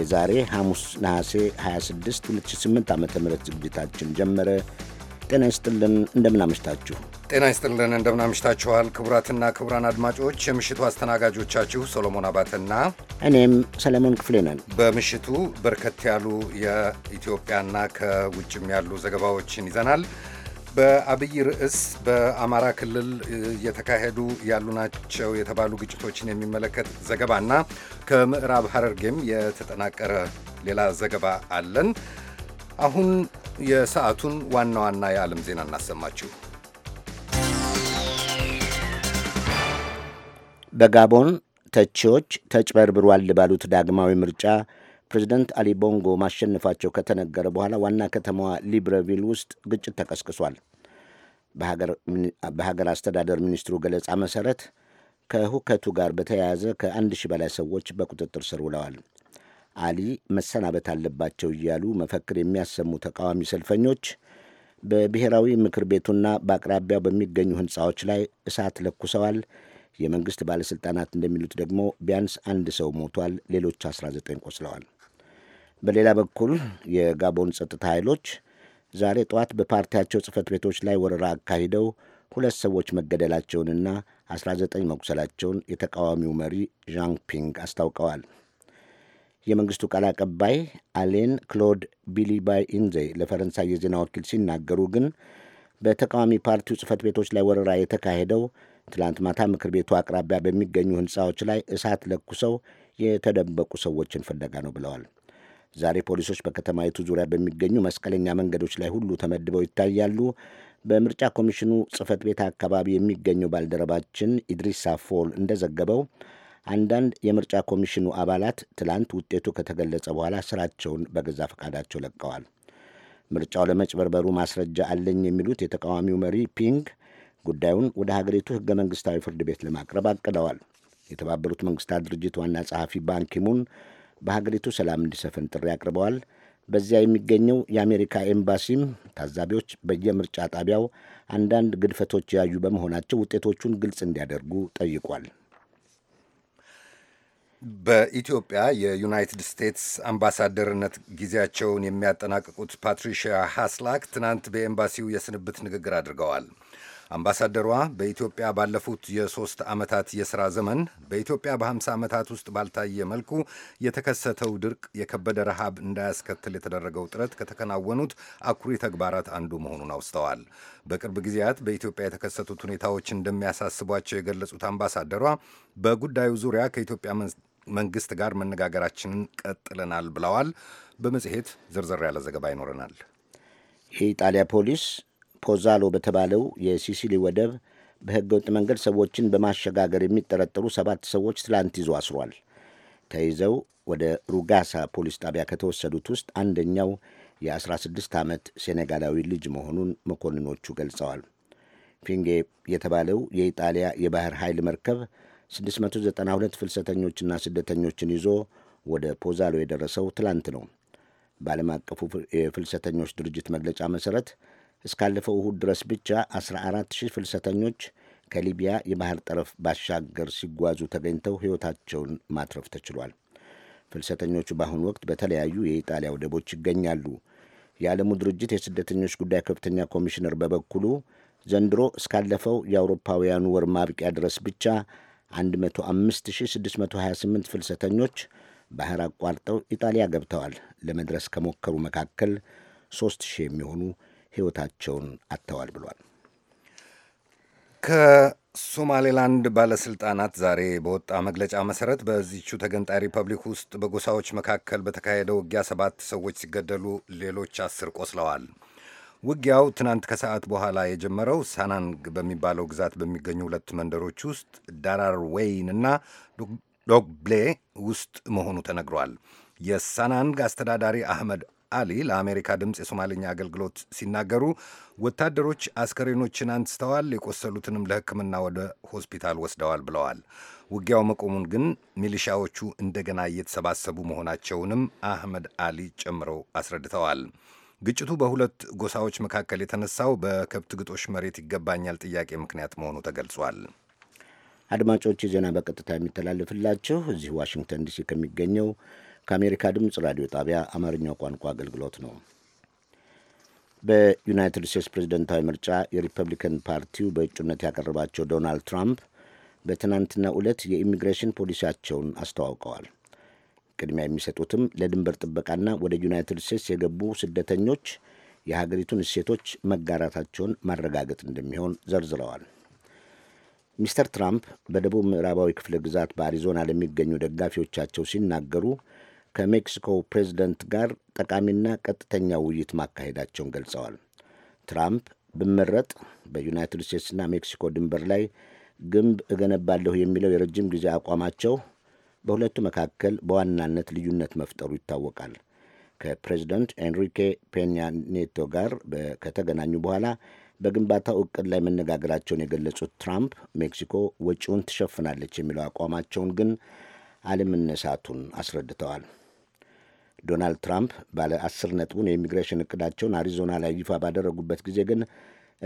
የዛሬ ሐሙስ ነሐሴ 26 2008 ዓ ም ዝግጅታችን ጀመረ። ጤና ይስጥልን፣ እንደምናመሽታችሁ። ጤና ይስጥልን፣ እንደምናመሽታችኋል። ክቡራትና ክቡራን አድማጮች የምሽቱ አስተናጋጆቻችሁ ሶሎሞን አባተና እኔም ሰለሞን ክፍሌ ነን። በምሽቱ በርከት ያሉ የኢትዮጵያና ከውጭም ያሉ ዘገባዎችን ይዘናል። በአብይ ርዕስ በአማራ ክልል እየተካሄዱ ያሉ ናቸው የተባሉ ግጭቶችን የሚመለከት ዘገባና ከምዕራብ ሀረርጌም የተጠናቀረ ሌላ ዘገባ አለን። አሁን የሰዓቱን ዋና ዋና የዓለም ዜና እናሰማችሁ። በጋቦን ተቺዎች ተጭበርብሯል ባሉት ዳግማዊ ምርጫ ፕሬዚደንት አሊ ቦንጎ ማሸነፋቸው ከተነገረ በኋላ ዋና ከተማዋ ሊብረቪል ውስጥ ግጭት ተቀስቅሷል። በሀገር አስተዳደር ሚኒስትሩ ገለጻ መሠረት ከሁከቱ ጋር በተያያዘ ከአንድ ሺህ በላይ ሰዎች በቁጥጥር ስር ውለዋል። አሊ መሰናበት አለባቸው እያሉ መፈክር የሚያሰሙ ተቃዋሚ ሰልፈኞች በብሔራዊ ምክር ቤቱና በአቅራቢያው በሚገኙ ሕንፃዎች ላይ እሳት ለኩሰዋል። የመንግሥት ባለሥልጣናት እንደሚሉት ደግሞ ቢያንስ አንድ ሰው ሞቷል፣ ሌሎች 19 ቆስለዋል። በሌላ በኩል የጋቦን ጸጥታ ኃይሎች ዛሬ ጠዋት በፓርቲያቸው ጽህፈት ቤቶች ላይ ወረራ አካሂደው ሁለት ሰዎች መገደላቸውንና 19 መቁሰላቸውን የተቃዋሚው መሪ ዣን ፒንግ አስታውቀዋል። የመንግስቱ ቃል አቀባይ አሌን ክሎድ ቢሊባይ ኢንዜ ለፈረንሳይ የዜና ወኪል ሲናገሩ ግን በተቃዋሚ ፓርቲው ጽህፈት ቤቶች ላይ ወረራ የተካሄደው ትላንት ማታ ምክር ቤቱ አቅራቢያ በሚገኙ ህንፃዎች ላይ እሳት ለኩሰው የተደበቁ ሰዎችን ፍለጋ ነው ብለዋል። ዛሬ ፖሊሶች በከተማይቱ ዙሪያ በሚገኙ መስቀለኛ መንገዶች ላይ ሁሉ ተመድበው ይታያሉ። በምርጫ ኮሚሽኑ ጽህፈት ቤት አካባቢ የሚገኘው ባልደረባችን ኢድሪሳ ፎል እንደዘገበው አንዳንድ የምርጫ ኮሚሽኑ አባላት ትላንት ውጤቱ ከተገለጸ በኋላ ስራቸውን በገዛ ፈቃዳቸው ለቀዋል። ምርጫው ለመጭበርበሩ ማስረጃ አለኝ የሚሉት የተቃዋሚው መሪ ፒንግ ጉዳዩን ወደ ሀገሪቱ ህገ መንግስታዊ ፍርድ ቤት ለማቅረብ አቅደዋል። የተባበሩት መንግስታት ድርጅት ዋና ጸሐፊ ባንኪሙን በሀገሪቱ ሰላም እንዲሰፍን ጥሪ አቅርበዋል። በዚያ የሚገኘው የአሜሪካ ኤምባሲም ታዛቢዎች በየምርጫ ጣቢያው አንዳንድ ግድፈቶች ያዩ በመሆናቸው ውጤቶቹን ግልጽ እንዲያደርጉ ጠይቋል። በኢትዮጵያ የዩናይትድ ስቴትስ አምባሳደርነት ጊዜያቸውን የሚያጠናቅቁት ፓትሪሺያ ሀስላክ ትናንት በኤምባሲው የስንብት ንግግር አድርገዋል። አምባሳደሯ በኢትዮጵያ ባለፉት የሶስት ዓመታት የሥራ ዘመን በኢትዮጵያ በ50 ዓመታት ውስጥ ባልታየ መልኩ የተከሰተው ድርቅ የከበደ ረሃብ እንዳያስከትል የተደረገው ጥረት ከተከናወኑት አኩሪ ተግባራት አንዱ መሆኑን አውስተዋል። በቅርብ ጊዜያት በኢትዮጵያ የተከሰቱት ሁኔታዎች እንደሚያሳስቧቸው የገለጹት አምባሳደሯ በጉዳዩ ዙሪያ ከኢትዮጵያ መንግሥት ጋር መነጋገራችንን ቀጥለናል ብለዋል። በመጽሔት ዝርዝር ያለ ዘገባ ይኖረናል። የኢጣሊያ ፖሊስ ፖዛሎ በተባለው የሲሲሊ ወደብ ውጥ መንገድ ሰዎችን በማሸጋገር የሚጠረጠሩ ሰባት ሰዎች ትላንት ይዞ አስሯል። ተይዘው ወደ ሩጋሳ ፖሊስ ጣቢያ ከተወሰዱት ውስጥ አንደኛው የ16 ዓመት ሴኔጋላዊ ልጅ መሆኑን መኮንኖቹ ገልጸዋል። ፊንጌ የተባለው የኢጣሊያ የባህር ኃይል መርከብ 692 ፍልሰተኞችና ስደተኞችን ይዞ ወደ ፖዛሎ የደረሰው ትላንት ነው። በዓለም አቀፉ የፍልሰተኞች ድርጅት መግለጫ መሠረት እስካለፈው እሁድ ድረስ ብቻ 14 ሺህ ፍልሰተኞች ከሊቢያ የባህር ጠረፍ ባሻገር ሲጓዙ ተገኝተው ሕይወታቸውን ማትረፍ ተችሏል። ፍልሰተኞቹ በአሁኑ ወቅት በተለያዩ የኢጣሊያ ወደቦች ይገኛሉ። የዓለሙ ድርጅት የስደተኞች ጉዳይ ከፍተኛ ኮሚሽነር በበኩሉ ዘንድሮ እስካለፈው የአውሮፓውያኑ ወር ማብቂያ ድረስ ብቻ 105628 ፍልሰተኞች ባህር አቋርጠው ኢጣሊያ ገብተዋል። ለመድረስ ከሞከሩ መካከል 3000 የሚሆኑ ሕይወታቸውን አጥተዋል ብሏል። ከሶማሌላንድ ባለስልጣናት ዛሬ በወጣ መግለጫ መሰረት በዚቹ ተገንጣይ ሪፐብሊክ ውስጥ በጎሳዎች መካከል በተካሄደው ውጊያ ሰባት ሰዎች ሲገደሉ ሌሎች አስር ቆስለዋል። ውጊያው ትናንት ከሰዓት በኋላ የጀመረው ሳናንግ በሚባለው ግዛት በሚገኙ ሁለት መንደሮች ውስጥ ዳራር ወይን እና ዶግብሌ ውስጥ መሆኑ ተነግሯል። የሳናንግ አስተዳዳሪ አህመድ አሊ ለአሜሪካ ድምፅ የሶማሌኛ አገልግሎት ሲናገሩ ወታደሮች አስከሬኖችን አንስተዋል፣ የቆሰሉትንም ለሕክምና ወደ ሆስፒታል ወስደዋል ብለዋል። ውጊያው መቆሙን ግን ሚሊሻዎቹ እንደገና እየተሰባሰቡ መሆናቸውንም አህመድ አሊ ጨምረው አስረድተዋል። ግጭቱ በሁለት ጎሳዎች መካከል የተነሳው በከብት ግጦሽ መሬት ይገባኛል ጥያቄ ምክንያት መሆኑ ተገልጿል። አድማጮች ዜና በቀጥታ የሚተላለፍላችሁ እዚህ ዋሽንግተን ዲሲ ከሚገኘው ከአሜሪካ ድምፅ ራዲዮ ጣቢያ አማርኛው ቋንቋ አገልግሎት ነው። በዩናይትድ ስቴትስ ፕሬዝደንታዊ ምርጫ የሪፐብሊካን ፓርቲው በእጩነት ያቀረባቸው ዶናልድ ትራምፕ በትናንትናው ዕለት የኢሚግሬሽን ፖሊሲያቸውን አስተዋውቀዋል። ቅድሚያ የሚሰጡትም ለድንበር ጥበቃና ወደ ዩናይትድ ስቴትስ የገቡ ስደተኞች የሀገሪቱን እሴቶች መጋራታቸውን ማረጋገጥ እንደሚሆን ዘርዝረዋል። ሚስተር ትራምፕ በደቡብ ምዕራባዊ ክፍለ ግዛት በአሪዞና ለሚገኙ ደጋፊዎቻቸው ሲናገሩ ከሜክሲኮ ፕሬዝደንት ጋር ጠቃሚና ቀጥተኛ ውይይት ማካሄዳቸውን ገልጸዋል። ትራምፕ ብመረጥ በዩናይትድ ስቴትስና ሜክሲኮ ድንበር ላይ ግንብ እገነባለሁ የሚለው የረጅም ጊዜ አቋማቸው በሁለቱ መካከል በዋናነት ልዩነት መፍጠሩ ይታወቃል። ከፕሬዝደንት ኤንሪኬ ፔኛ ኔቶ ጋር ከተገናኙ በኋላ በግንባታው እቅድ ላይ መነጋገራቸውን የገለጹት ትራምፕ ሜክሲኮ ወጪውን ትሸፍናለች የሚለው አቋማቸውን ግን አለመነሳቱን አስረድተዋል። ዶናልድ ትራምፕ ባለ አስር ነጥቡን የኢሚግሬሽን እቅዳቸውን አሪዞና ላይ ይፋ ባደረጉበት ጊዜ ግን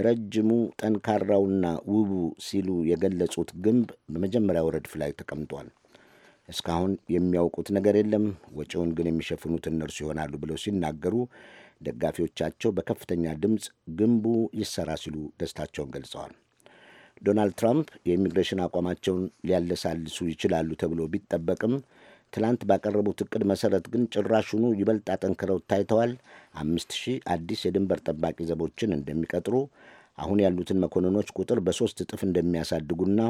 ረጅሙ ጠንካራውና ውቡ ሲሉ የገለጹት ግንብ በመጀመሪያው ረድፍ ላይ ተቀምጧል። እስካሁን የሚያውቁት ነገር የለም፣ ወጪውን ግን የሚሸፍኑት እነርሱ ይሆናሉ ብለው ሲናገሩ ደጋፊዎቻቸው በከፍተኛ ድምፅ ግንቡ ይሰራ ሲሉ ደስታቸውን ገልጸዋል። ዶናልድ ትራምፕ የኢሚግሬሽን አቋማቸውን ሊያለሳልሱ ይችላሉ ተብሎ ቢጠበቅም ትናንት ባቀረቡት እቅድ መሰረት ግን ጭራሹኑ ይበልጥ አጠንክረው ታይተዋል። አምስት ሺህ አዲስ የድንበር ጠባቂ ዘቦችን እንደሚቀጥሩ አሁን ያሉትን መኮንኖች ቁጥር በሶስት እጥፍ እንደሚያሳድጉና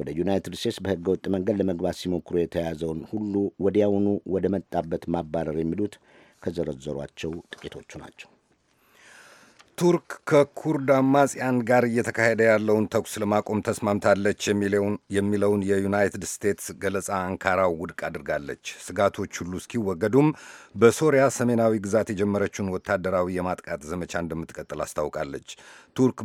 ወደ ዩናይትድ ስቴትስ በሕገ ወጥ መንገድ ለመግባት ሲሞክሩ የተያዘውን ሁሉ ወዲያውኑ ወደ መጣበት ማባረር የሚሉት ከዘረዘሯቸው ጥቂቶቹ ናቸው። ቱርክ ከኩርድ አማጽያን ጋር እየተካሄደ ያለውን ተኩስ ለማቆም ተስማምታለች የሚለውን የዩናይትድ ስቴትስ ገለጻ አንካራው ውድቅ አድርጋለች። ስጋቶች ሁሉ እስኪወገዱም በሶሪያ ሰሜናዊ ግዛት የጀመረችውን ወታደራዊ የማጥቃት ዘመቻ እንደምትቀጥል አስታውቃለች። ቱርክ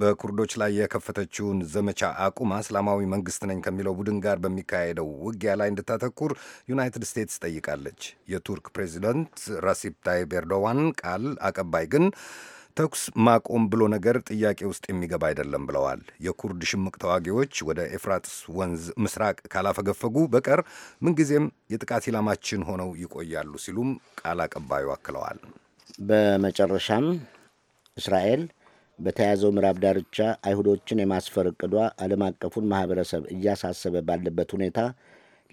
በኩርዶች ላይ የከፈተችውን ዘመቻ አቁማ እስላማዊ መንግስት ነኝ ከሚለው ቡድን ጋር በሚካሄደው ውጊያ ላይ እንድታተኩር ዩናይትድ ስቴትስ ጠይቃለች። የቱርክ ፕሬዚደንት ራሲፕ ታይብ ኤርዶዋን ቃል አቀባይ ግን ተኩስ ማቆም ብሎ ነገር ጥያቄ ውስጥ የሚገባ አይደለም ብለዋል። የኩርድ ሽምቅ ተዋጊዎች ወደ ኤፍራጥስ ወንዝ ምስራቅ ካላፈገፈጉ በቀር ምንጊዜም የጥቃት ኢላማችን ሆነው ይቆያሉ ሲሉም ቃል አቀባዩ አክለዋል። በመጨረሻም እስራኤል በተያዘው ምዕራብ ዳርቻ አይሁዶችን የማስፈር እቅዷ ዓለም አቀፉን ማህበረሰብ እያሳሰበ ባለበት ሁኔታ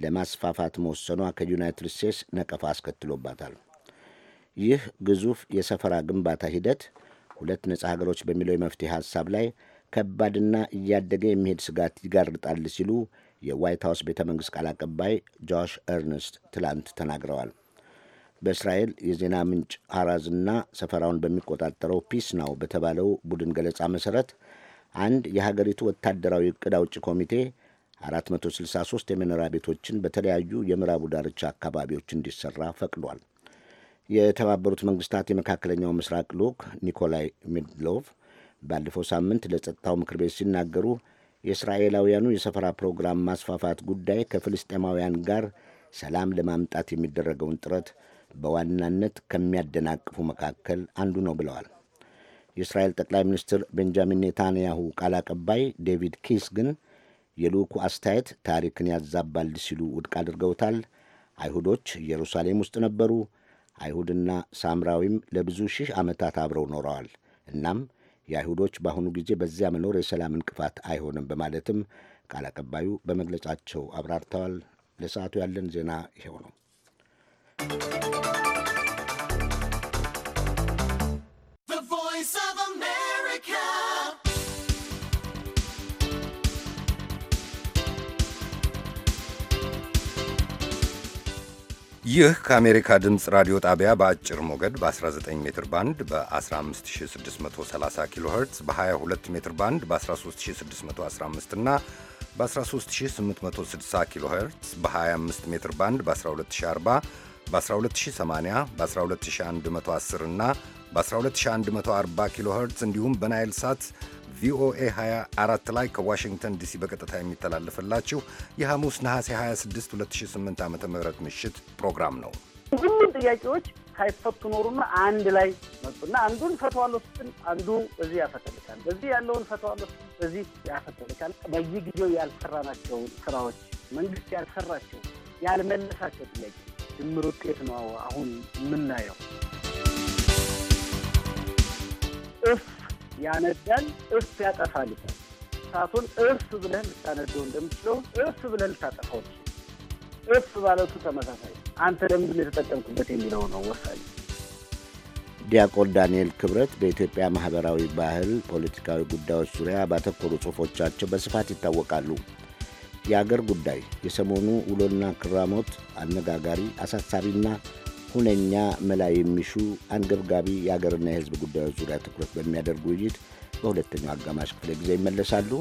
ለማስፋፋት መወሰኗ ከዩናይትድ ስቴትስ ነቀፋ አስከትሎባታል። ይህ ግዙፍ የሰፈራ ግንባታ ሂደት ሁለት ነጻ ሀገሮች በሚለው የመፍትሄ ሐሳብ ላይ ከባድና እያደገ የሚሄድ ስጋት ይጋርጣል ሲሉ የዋይት ሀውስ ቤተ መንግሥት ቃል አቀባይ ጆሽ ኤርነስት ትላንት ተናግረዋል። በእስራኤል የዜና ምንጭ ሐራዝና ሰፈራውን በሚቆጣጠረው ፒስ ናው በተባለው ቡድን ገለጻ መሠረት አንድ የሀገሪቱ ወታደራዊ ዕቅድ አውጭ ኮሚቴ 463 የመኖሪያ ቤቶችን በተለያዩ የምዕራቡ ዳርቻ አካባቢዎች እንዲሰራ ፈቅዷል። የተባበሩት መንግስታት የመካከለኛው ምስራቅ ልዑክ ኒኮላይ ሚድሎቭ ባለፈው ሳምንት ለጸጥታው ምክር ቤት ሲናገሩ የእስራኤላውያኑ የሰፈራ ፕሮግራም ማስፋፋት ጉዳይ ከፍልስጤማውያን ጋር ሰላም ለማምጣት የሚደረገውን ጥረት በዋናነት ከሚያደናቅፉ መካከል አንዱ ነው ብለዋል። የእስራኤል ጠቅላይ ሚኒስትር ቤንጃሚን ኔታንያሁ ቃል አቀባይ ዴቪድ ኪስ ግን የልዑኩ አስተያየት ታሪክን ያዛባል ሲሉ ውድቅ አድርገውታል። አይሁዶች ኢየሩሳሌም ውስጥ ነበሩ አይሁድና ሳምራዊም ለብዙ ሺህ ዓመታት አብረው ኖረዋል። እናም የአይሁዶች በአሁኑ ጊዜ በዚያ መኖር የሰላም እንቅፋት አይሆንም በማለትም ቃል አቀባዩ በመግለጫቸው አብራርተዋል። ለሰዓቱ ያለን ዜና ይኸው ነው። ይህ ከአሜሪካ ድምፅ ራዲዮ ጣቢያ በአጭር ሞገድ በ19 ሜትር ባንድ በ15630 ኪሎ ኸርትዝ በ22 ሜትር ባንድ በ13615 እና በ13860 ኪሎ ኸርትዝ በ25 ሜትር ባንድ በ12040 በ12080 በ12110 እና በ12140 ኪሎ ኸርትዝ እንዲሁም በናይል ሳት ቪኦኤ 24 ላይ ከዋሽንግተን ዲሲ በቀጥታ የሚተላለፍላችሁ የሐሙስ ነሐሴ 26 2008 ዓ ም ምሽት ፕሮግራም ነው። ሁሉም ጥያቄዎች ሳይፈቱ ኖሩና አንድ ላይ መጡና አንዱን ፈተዋለሁ ስትል አንዱ እዚህ ያፈተልካል፣ እዚህ ያለውን ፈተዋለሁ ስትል እዚህ ያፈተልካል። በየጊዜው ያልሰራናቸው ስራዎች መንግስት ያልሰራቸው ያልመለሳቸው ጥያቄ ድምር ውጤት ነው አሁን የምናየው። ያነዳል፣ እፍ ያጠፋል እሳቱን እፍ ብለህ ልታነደው እንደምችለው እፍ ብለህ ልታጠፋው እፍ ባለቱ ተመሳሳይ አንተ ለምንድን ነው የተጠቀምኩበት የሚለው ነው ወሳኝ። ዲያቆን ዳንኤል ክብረት በኢትዮጵያ ማኅበራዊ፣ ባህል፣ ፖለቲካዊ ጉዳዮች ዙሪያ ባተኮሩ ጽሑፎቻቸው በስፋት ይታወቃሉ። የአገር ጉዳይ የሰሞኑ ውሎና ክራሞት አነጋጋሪ አሳሳቢና ሁነኛ መላ የሚሹ አንገብጋቢ የአገርና የሕዝብ ጉዳዮች ዙሪያ ትኩረት በሚያደርግ ውይይት በሁለተኛው አጋማሽ ክፍለ ጊዜ ይመለሳሉ።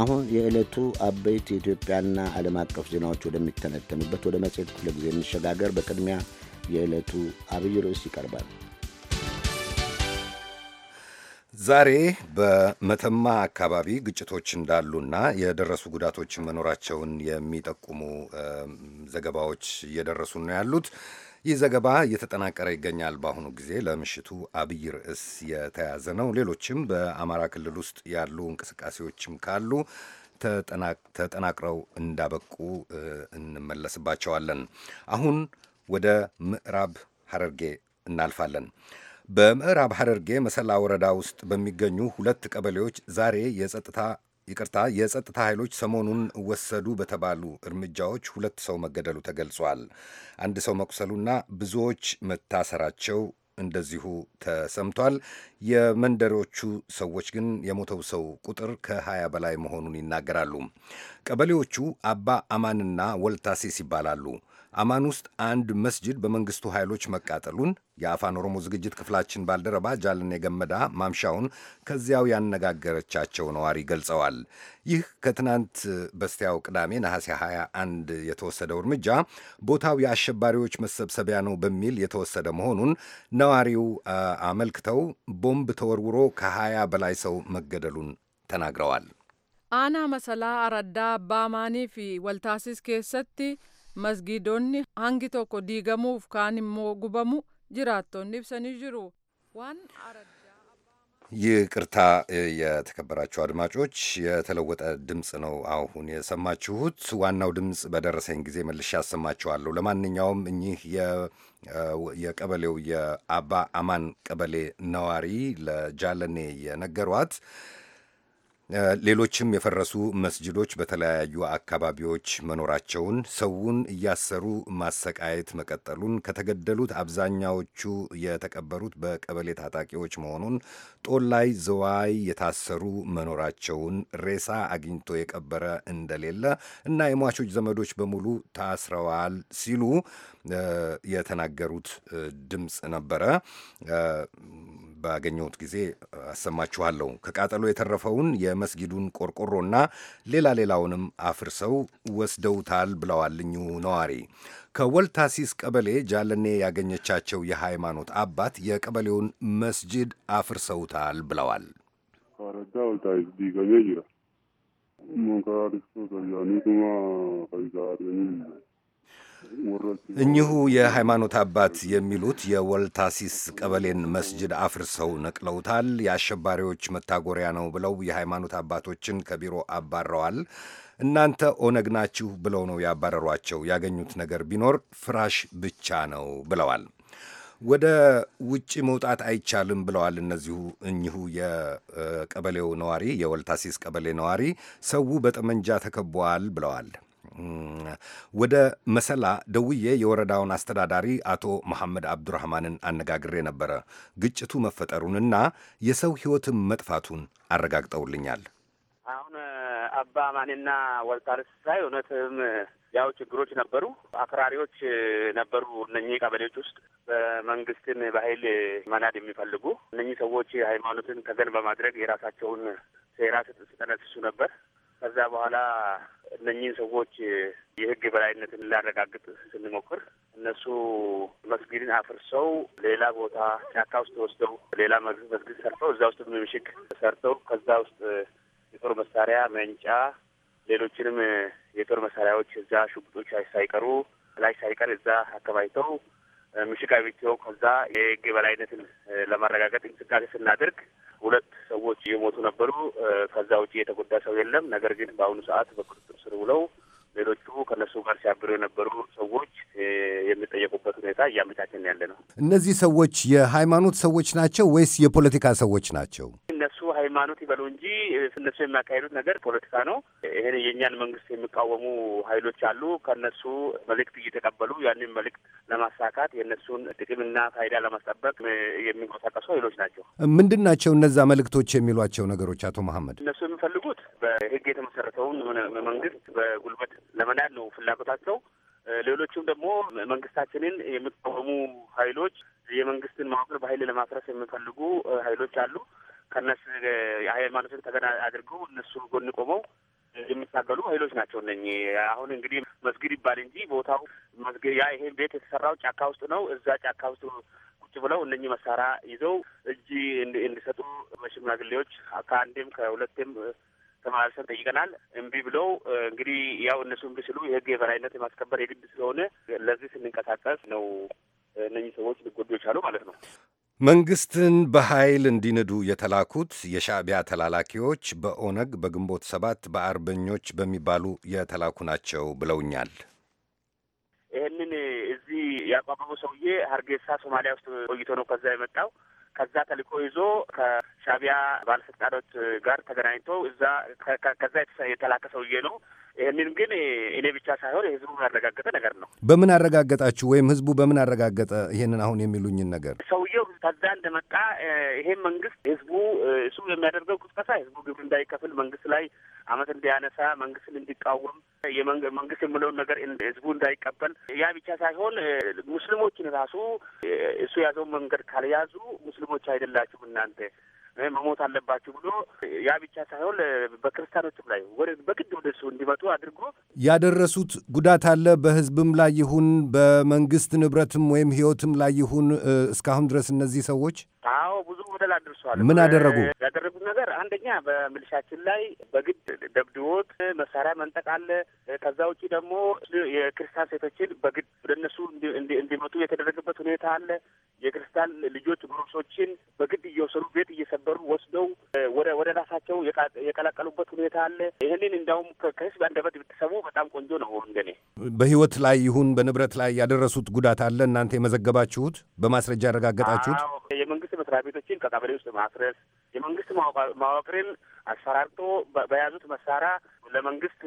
አሁን የዕለቱ አበይት የኢትዮጵያና ዓለም አቀፍ ዜናዎች ወደሚተነተኑበት ወደ መጽሔት ክፍለ ጊዜ እንሸጋገር። በቅድሚያ የዕለቱ አብይ ርዕስ ይቀርባል። ዛሬ በመተማ አካባቢ ግጭቶች እንዳሉና የደረሱ ጉዳቶችን መኖራቸውን የሚጠቁሙ ዘገባዎች እየደረሱ ነው ያሉት። ይህ ዘገባ እየተጠናቀረ ይገኛል። በአሁኑ ጊዜ ለምሽቱ አብይ ርዕስ የተያዘ ነው። ሌሎችም በአማራ ክልል ውስጥ ያሉ እንቅስቃሴዎችም ካሉ ተጠናቅረው እንዳበቁ እንመለስባቸዋለን። አሁን ወደ ምዕራብ ሐረርጌ እናልፋለን። በምዕራብ ሐረርጌ መሰላ ወረዳ ውስጥ በሚገኙ ሁለት ቀበሌዎች ዛሬ የጸጥታ ይቅርታ የጸጥታ ኃይሎች ሰሞኑን ወሰዱ በተባሉ እርምጃዎች ሁለት ሰው መገደሉ ተገልጿል። አንድ ሰው መቁሰሉና ብዙዎች መታሰራቸው እንደዚሁ ተሰምቷል። የመንደሮቹ ሰዎች ግን የሞተው ሰው ቁጥር ከሀያ በላይ መሆኑን ይናገራሉ። ቀበሌዎቹ አባ አማንና ወልታሴስ ይባላሉ። አማን ውስጥ አንድ መስጅድ በመንግስቱ ኃይሎች መቃጠሉን የአፋን ኦሮሞ ዝግጅት ክፍላችን ባልደረባ ጃልን የገመዳ ማምሻውን ከዚያው ያነጋገረቻቸው ነዋሪ ገልጸዋል። ይህ ከትናንት በስቲያው ቅዳሜ ነሐሴ 21 የተወሰደው እርምጃ ቦታው የአሸባሪዎች መሰብሰቢያ ነው በሚል የተወሰደ መሆኑን ነዋሪው አመልክተው ቦምብ ተወርውሮ ከ20 በላይ ሰው መገደሉን ተናግረዋል። አና መሰላ አረዳ ባማኒ ፊ ወልታሲስ ኬሰቲ masgiidonni hangi tokko diigamuuf kaan immoo gubamu jiraattonni ibsanii jiru. ይቅርታ የተከበራችሁ አድማጮች፣ የተለወጠ ድምፅ ነው አሁን የሰማችሁት። ዋናው ድምፅ በደረሰኝ ጊዜ መልሼ አሰማችኋለሁ። ለማንኛውም እኚህ የቀበሌው የአባ አማን ቀበሌ ነዋሪ ለጃለኔ የነገሯት ሌሎችም የፈረሱ መስጅዶች በተለያዩ አካባቢዎች መኖራቸውን፣ ሰውን እያሰሩ ማሰቃየት መቀጠሉን፣ ከተገደሉት አብዛኛዎቹ የተቀበሩት በቀበሌ ታጣቂዎች መሆኑን፣ ጦል ላይ ዘዋይ የታሰሩ መኖራቸውን፣ ሬሳ አግኝቶ የቀበረ እንደሌለ እና የሟቾች ዘመዶች በሙሉ ታስረዋል ሲሉ የተናገሩት ድምፅ ነበረ። ባገኘሁት ጊዜ አሰማችኋለሁ። ከቃጠሎ የተረፈውን የመስጊዱን ቆርቆሮና ሌላ ሌላውንም አፍርሰው ወስደውታል ብለዋል እኚሁ ነዋሪ። ከወልታሲስ ቀበሌ ጃለኔ ያገኘቻቸው የሃይማኖት አባት የቀበሌውን መስጅድ አፍርሰውታል ብለዋል። እኚሁ የሃይማኖት አባት የሚሉት የወልታሲስ ቀበሌን መስጅድ አፍርሰው ነቅለውታል፣ የአሸባሪዎች መታጎሪያ ነው ብለው የሃይማኖት አባቶችን ከቢሮ አባረዋል። እናንተ ኦነግ ናችሁ ብለው ነው ያባረሯቸው። ያገኙት ነገር ቢኖር ፍራሽ ብቻ ነው ብለዋል። ወደ ውጭ መውጣት አይቻልም ብለዋል። እነዚሁ እኚሁ የቀበሌው ነዋሪ የወልታሲስ ቀበሌ ነዋሪ ሰው በጠመንጃ ተከቧል ብለዋል። ወደ መሰላ ደውዬ የወረዳውን አስተዳዳሪ አቶ መሐመድ አብዱራህማንን አነጋግሬ ነበረ። ግጭቱ መፈጠሩንና የሰው ሕይወትም መጥፋቱን አረጋግጠውልኛል። አሁን አባ ማኔና ወልቃልስ ላይ እውነትም ያው ችግሮች ነበሩ፣ አክራሪዎች ነበሩ። እነኚህ ቀበሌዎች ውስጥ በመንግስትን በኃይል መናድ የሚፈልጉ እነኚህ ሰዎች ሃይማኖትን ተገን በማድረግ የራሳቸውን ሴራ ስጠነስሱ ነበር። ከዛ በኋላ እነኚህን ሰዎች የህግ የበላይነትን ሊያረጋግጥ ስንሞክር እነሱ መስጊድን አፍርሰው ሌላ ቦታ ጫካ ውስጥ ወስደው ሌላ መስጊድ ሰርተው እዛ ውስጥ ምሽግ ሰርተው ከዛ ውስጥ የጦር መሳሪያ መንጫ፣ ሌሎችንም የጦር መሳሪያዎች እዛ ሽጉጦች ሳይቀሩ ላይ ሳይቀር እዛ አከባይተው ምሽግ አብጅተው ከዛ የህግ የበላይነትን ለማረጋገጥ እንቅስቃሴ ስናደርግ ሁለት ሰዎች የሞቱ ነበሩ። ከዛ ውጭ የተጎዳ ሰው የለም። ነገር ግን በአሁኑ ሰዓት በቁጥጥር ስር ውለው ሌሎቹ ከነሱ ጋር ሲያብሩ የነበሩ ሰዎች የሚጠየቁበት ሁኔታ እያመቻችን ያለ ነው። እነዚህ ሰዎች የሃይማኖት ሰዎች ናቸው ወይስ የፖለቲካ ሰዎች ናቸው? እነሱ ሃይማኖት ይበሉ እንጂ እነሱ የሚያካሄዱት ነገር ፖለቲካ ነው። ይህን የእኛን መንግስት የሚቃወሙ ኃይሎች አሉ። ከነሱ መልእክት እየተቀበሉ ያንን መልእክት ለማሳካት የእነሱን ጥቅምና ፋይዳ ለማስጠበቅ የሚንቀሳቀሱ ኃይሎች ናቸው። ምንድን ናቸው እነዛ መልእክቶች የሚሏቸው ነገሮች? አቶ መሐመድ እነሱ የሚፈልጉት በህግ የተመሰረተውን መንግስት በጉልበት ለመዳን ነው ፍላጎታቸው። ሌሎቹም ደግሞ መንግስታችንን የሚቃወሙ ኃይሎች የመንግስትን መዋቅር በኃይል ለማፍረስ የሚፈልጉ ኃይሎች አሉ። ከነሱ የሃይማኖትን ተገን አድርገው እነሱ ጎን ቆመው የሚታገሉ ኃይሎች ናቸው እነ አሁን እንግዲህ መስጊድ ይባል እንጂ ቦታው መስጊድ ያ ይሄን ቤት የተሰራው ጫካ ውስጥ ነው። እዛ ጫካ ውስጥ ቁጭ ብለው እነኚህ መሳሪያ ይዘው እጅ እንዲሰጡ በሽማግሌዎች ከአንዴም ከሁለቴም ከማህበረሰብ ጠይቀናል። እምቢ ብለው እንግዲህ ያው እነሱ እምቢ ስሉ የህግ የበላይነት የማስከበር የግድ ስለሆነ ለዚህ ስንንቀሳቀስ ነው እነኚህ ሰዎች ሊጎዱ የቻሉ ማለት ነው። መንግስትን በኃይል እንዲንዱ የተላኩት የሻዕቢያ ተላላኪዎች በኦነግ በግንቦት ሰባት በአርበኞች በሚባሉ የተላኩ ናቸው ብለውኛል። ይህንን እዚህ ያቋቋመው ሰውዬ ሀርጌሳ ሶማሊያ ውስጥ ቆይቶ ነው ከዛ የመጣው። ከዛ ተልእኮ ይዞ ሻቢያ ባለስልጣኖች ጋር ተገናኝቶ እዛ ከዛ የተላከ ሰውዬ ነው። ይህንን ግን እኔ ብቻ ሳይሆን ህዝቡ ያረጋገጠ ነገር ነው። በምን አረጋገጣችሁ? ወይም ህዝቡ በምን አረጋገጠ? ይሄንን አሁን የሚሉኝን ነገር ሰውየው ከዛ እንደመጣ ይሄን መንግስት ህዝቡ እሱ የሚያደርገው ቅስቀሳ ህዝቡ ግብር እንዳይከፍል መንግስት ላይ አመት እንዲያነሳ መንግስትን እንዲቃወም መንግስት የምለውን ነገር ህዝቡ እንዳይቀበል ያ ብቻ ሳይሆን ሙስሊሞችን ራሱ እሱ የያዘውን መንገድ ካልያዙ ሙስሊሞች አይደላችሁም እናንተ መሞት አለባችሁ ብሎ ያ ብቻ ሳይሆን በክርስቲያኖችም ላይ ወደ በግድ ወደ እሱ እንዲመጡ አድርጎ ያደረሱት ጉዳት አለ። በህዝብም ላይ ይሁን በመንግስት ንብረትም ወይም ህይወትም ላይ ይሁን እስካሁን ድረስ እነዚህ ሰዎች አዎ ብዙ በደል አድርሰዋል። ምን አደረጉ? ያደረጉት ነገር አንደኛ በሚሊሻችን ላይ በግድ ደብድቦት መሳሪያ መንጠቅ አለ። ከዛ ውጭ ደግሞ የክርስቲያን ሴቶችን በግድ ወደ እነሱ እንዲመጡ የተደረገበት ሁኔታ አለ። የክርስቲያን ልጆች ጉሩሶችን በግድ እየወሰዱ ቤት እየሰበሩ ወስደው ወደ ወደ ራሳቸው የቀላቀሉበት ሁኔታ አለ። ይህንን እንዲያውም ከህዝብ አንደበት ብትሰሙ በጣም ቆንጆ ነው። እንገኔ በህይወት ላይ ይሁን በንብረት ላይ ያደረሱት ጉዳት አለ እናንተ የመዘገባችሁት በማስረጃ ያረጋገጣችሁት የመንግስት መስሪያ ቤቶችን ከቀበሌ ውስጥ ማፍረስ የመንግስት መዋቅርን አስፈራርጦ በያዙት መሳሪያ ለመንግስት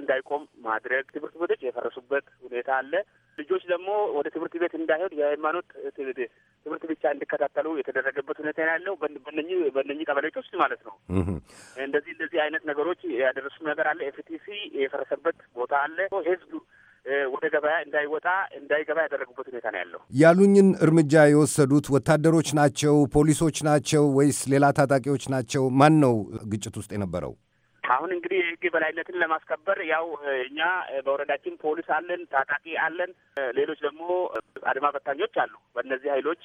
እንዳይቆም ማድረግ ትምህርት ቤቶች የፈረሱበት ሁኔታ አለ። ልጆች ደግሞ ወደ ትምህርት ቤት እንዳይሄድ የሃይማኖት ትምህርት ብቻ እንዲከታተሉ የተደረገበት ሁኔታ ያለው በእነኚህ ቀበሌዎች ውስጥ ማለት ነው። እንደዚህ እንደዚህ አይነት ነገሮች ያደረሱ ነገር አለ። ኤፍቲሲ የፈረሰበት ቦታ አለ። ህዝብ ወደ ገበያ እንዳይወጣ እንዳይገባ ያደረጉበት ሁኔታ ነው ያለው። ያሉኝን እርምጃ የወሰዱት ወታደሮች ናቸው፣ ፖሊሶች ናቸው ወይስ ሌላ ታጣቂዎች ናቸው? ማን ነው ግጭት ውስጥ የነበረው? አሁን እንግዲህ የህግ የበላይነትን ለማስከበር ያው እኛ በወረዳችን ፖሊስ አለን፣ ታጣቂ አለን፣ ሌሎች ደግሞ አድማ በታኞች አሉ። በእነዚህ ኃይሎች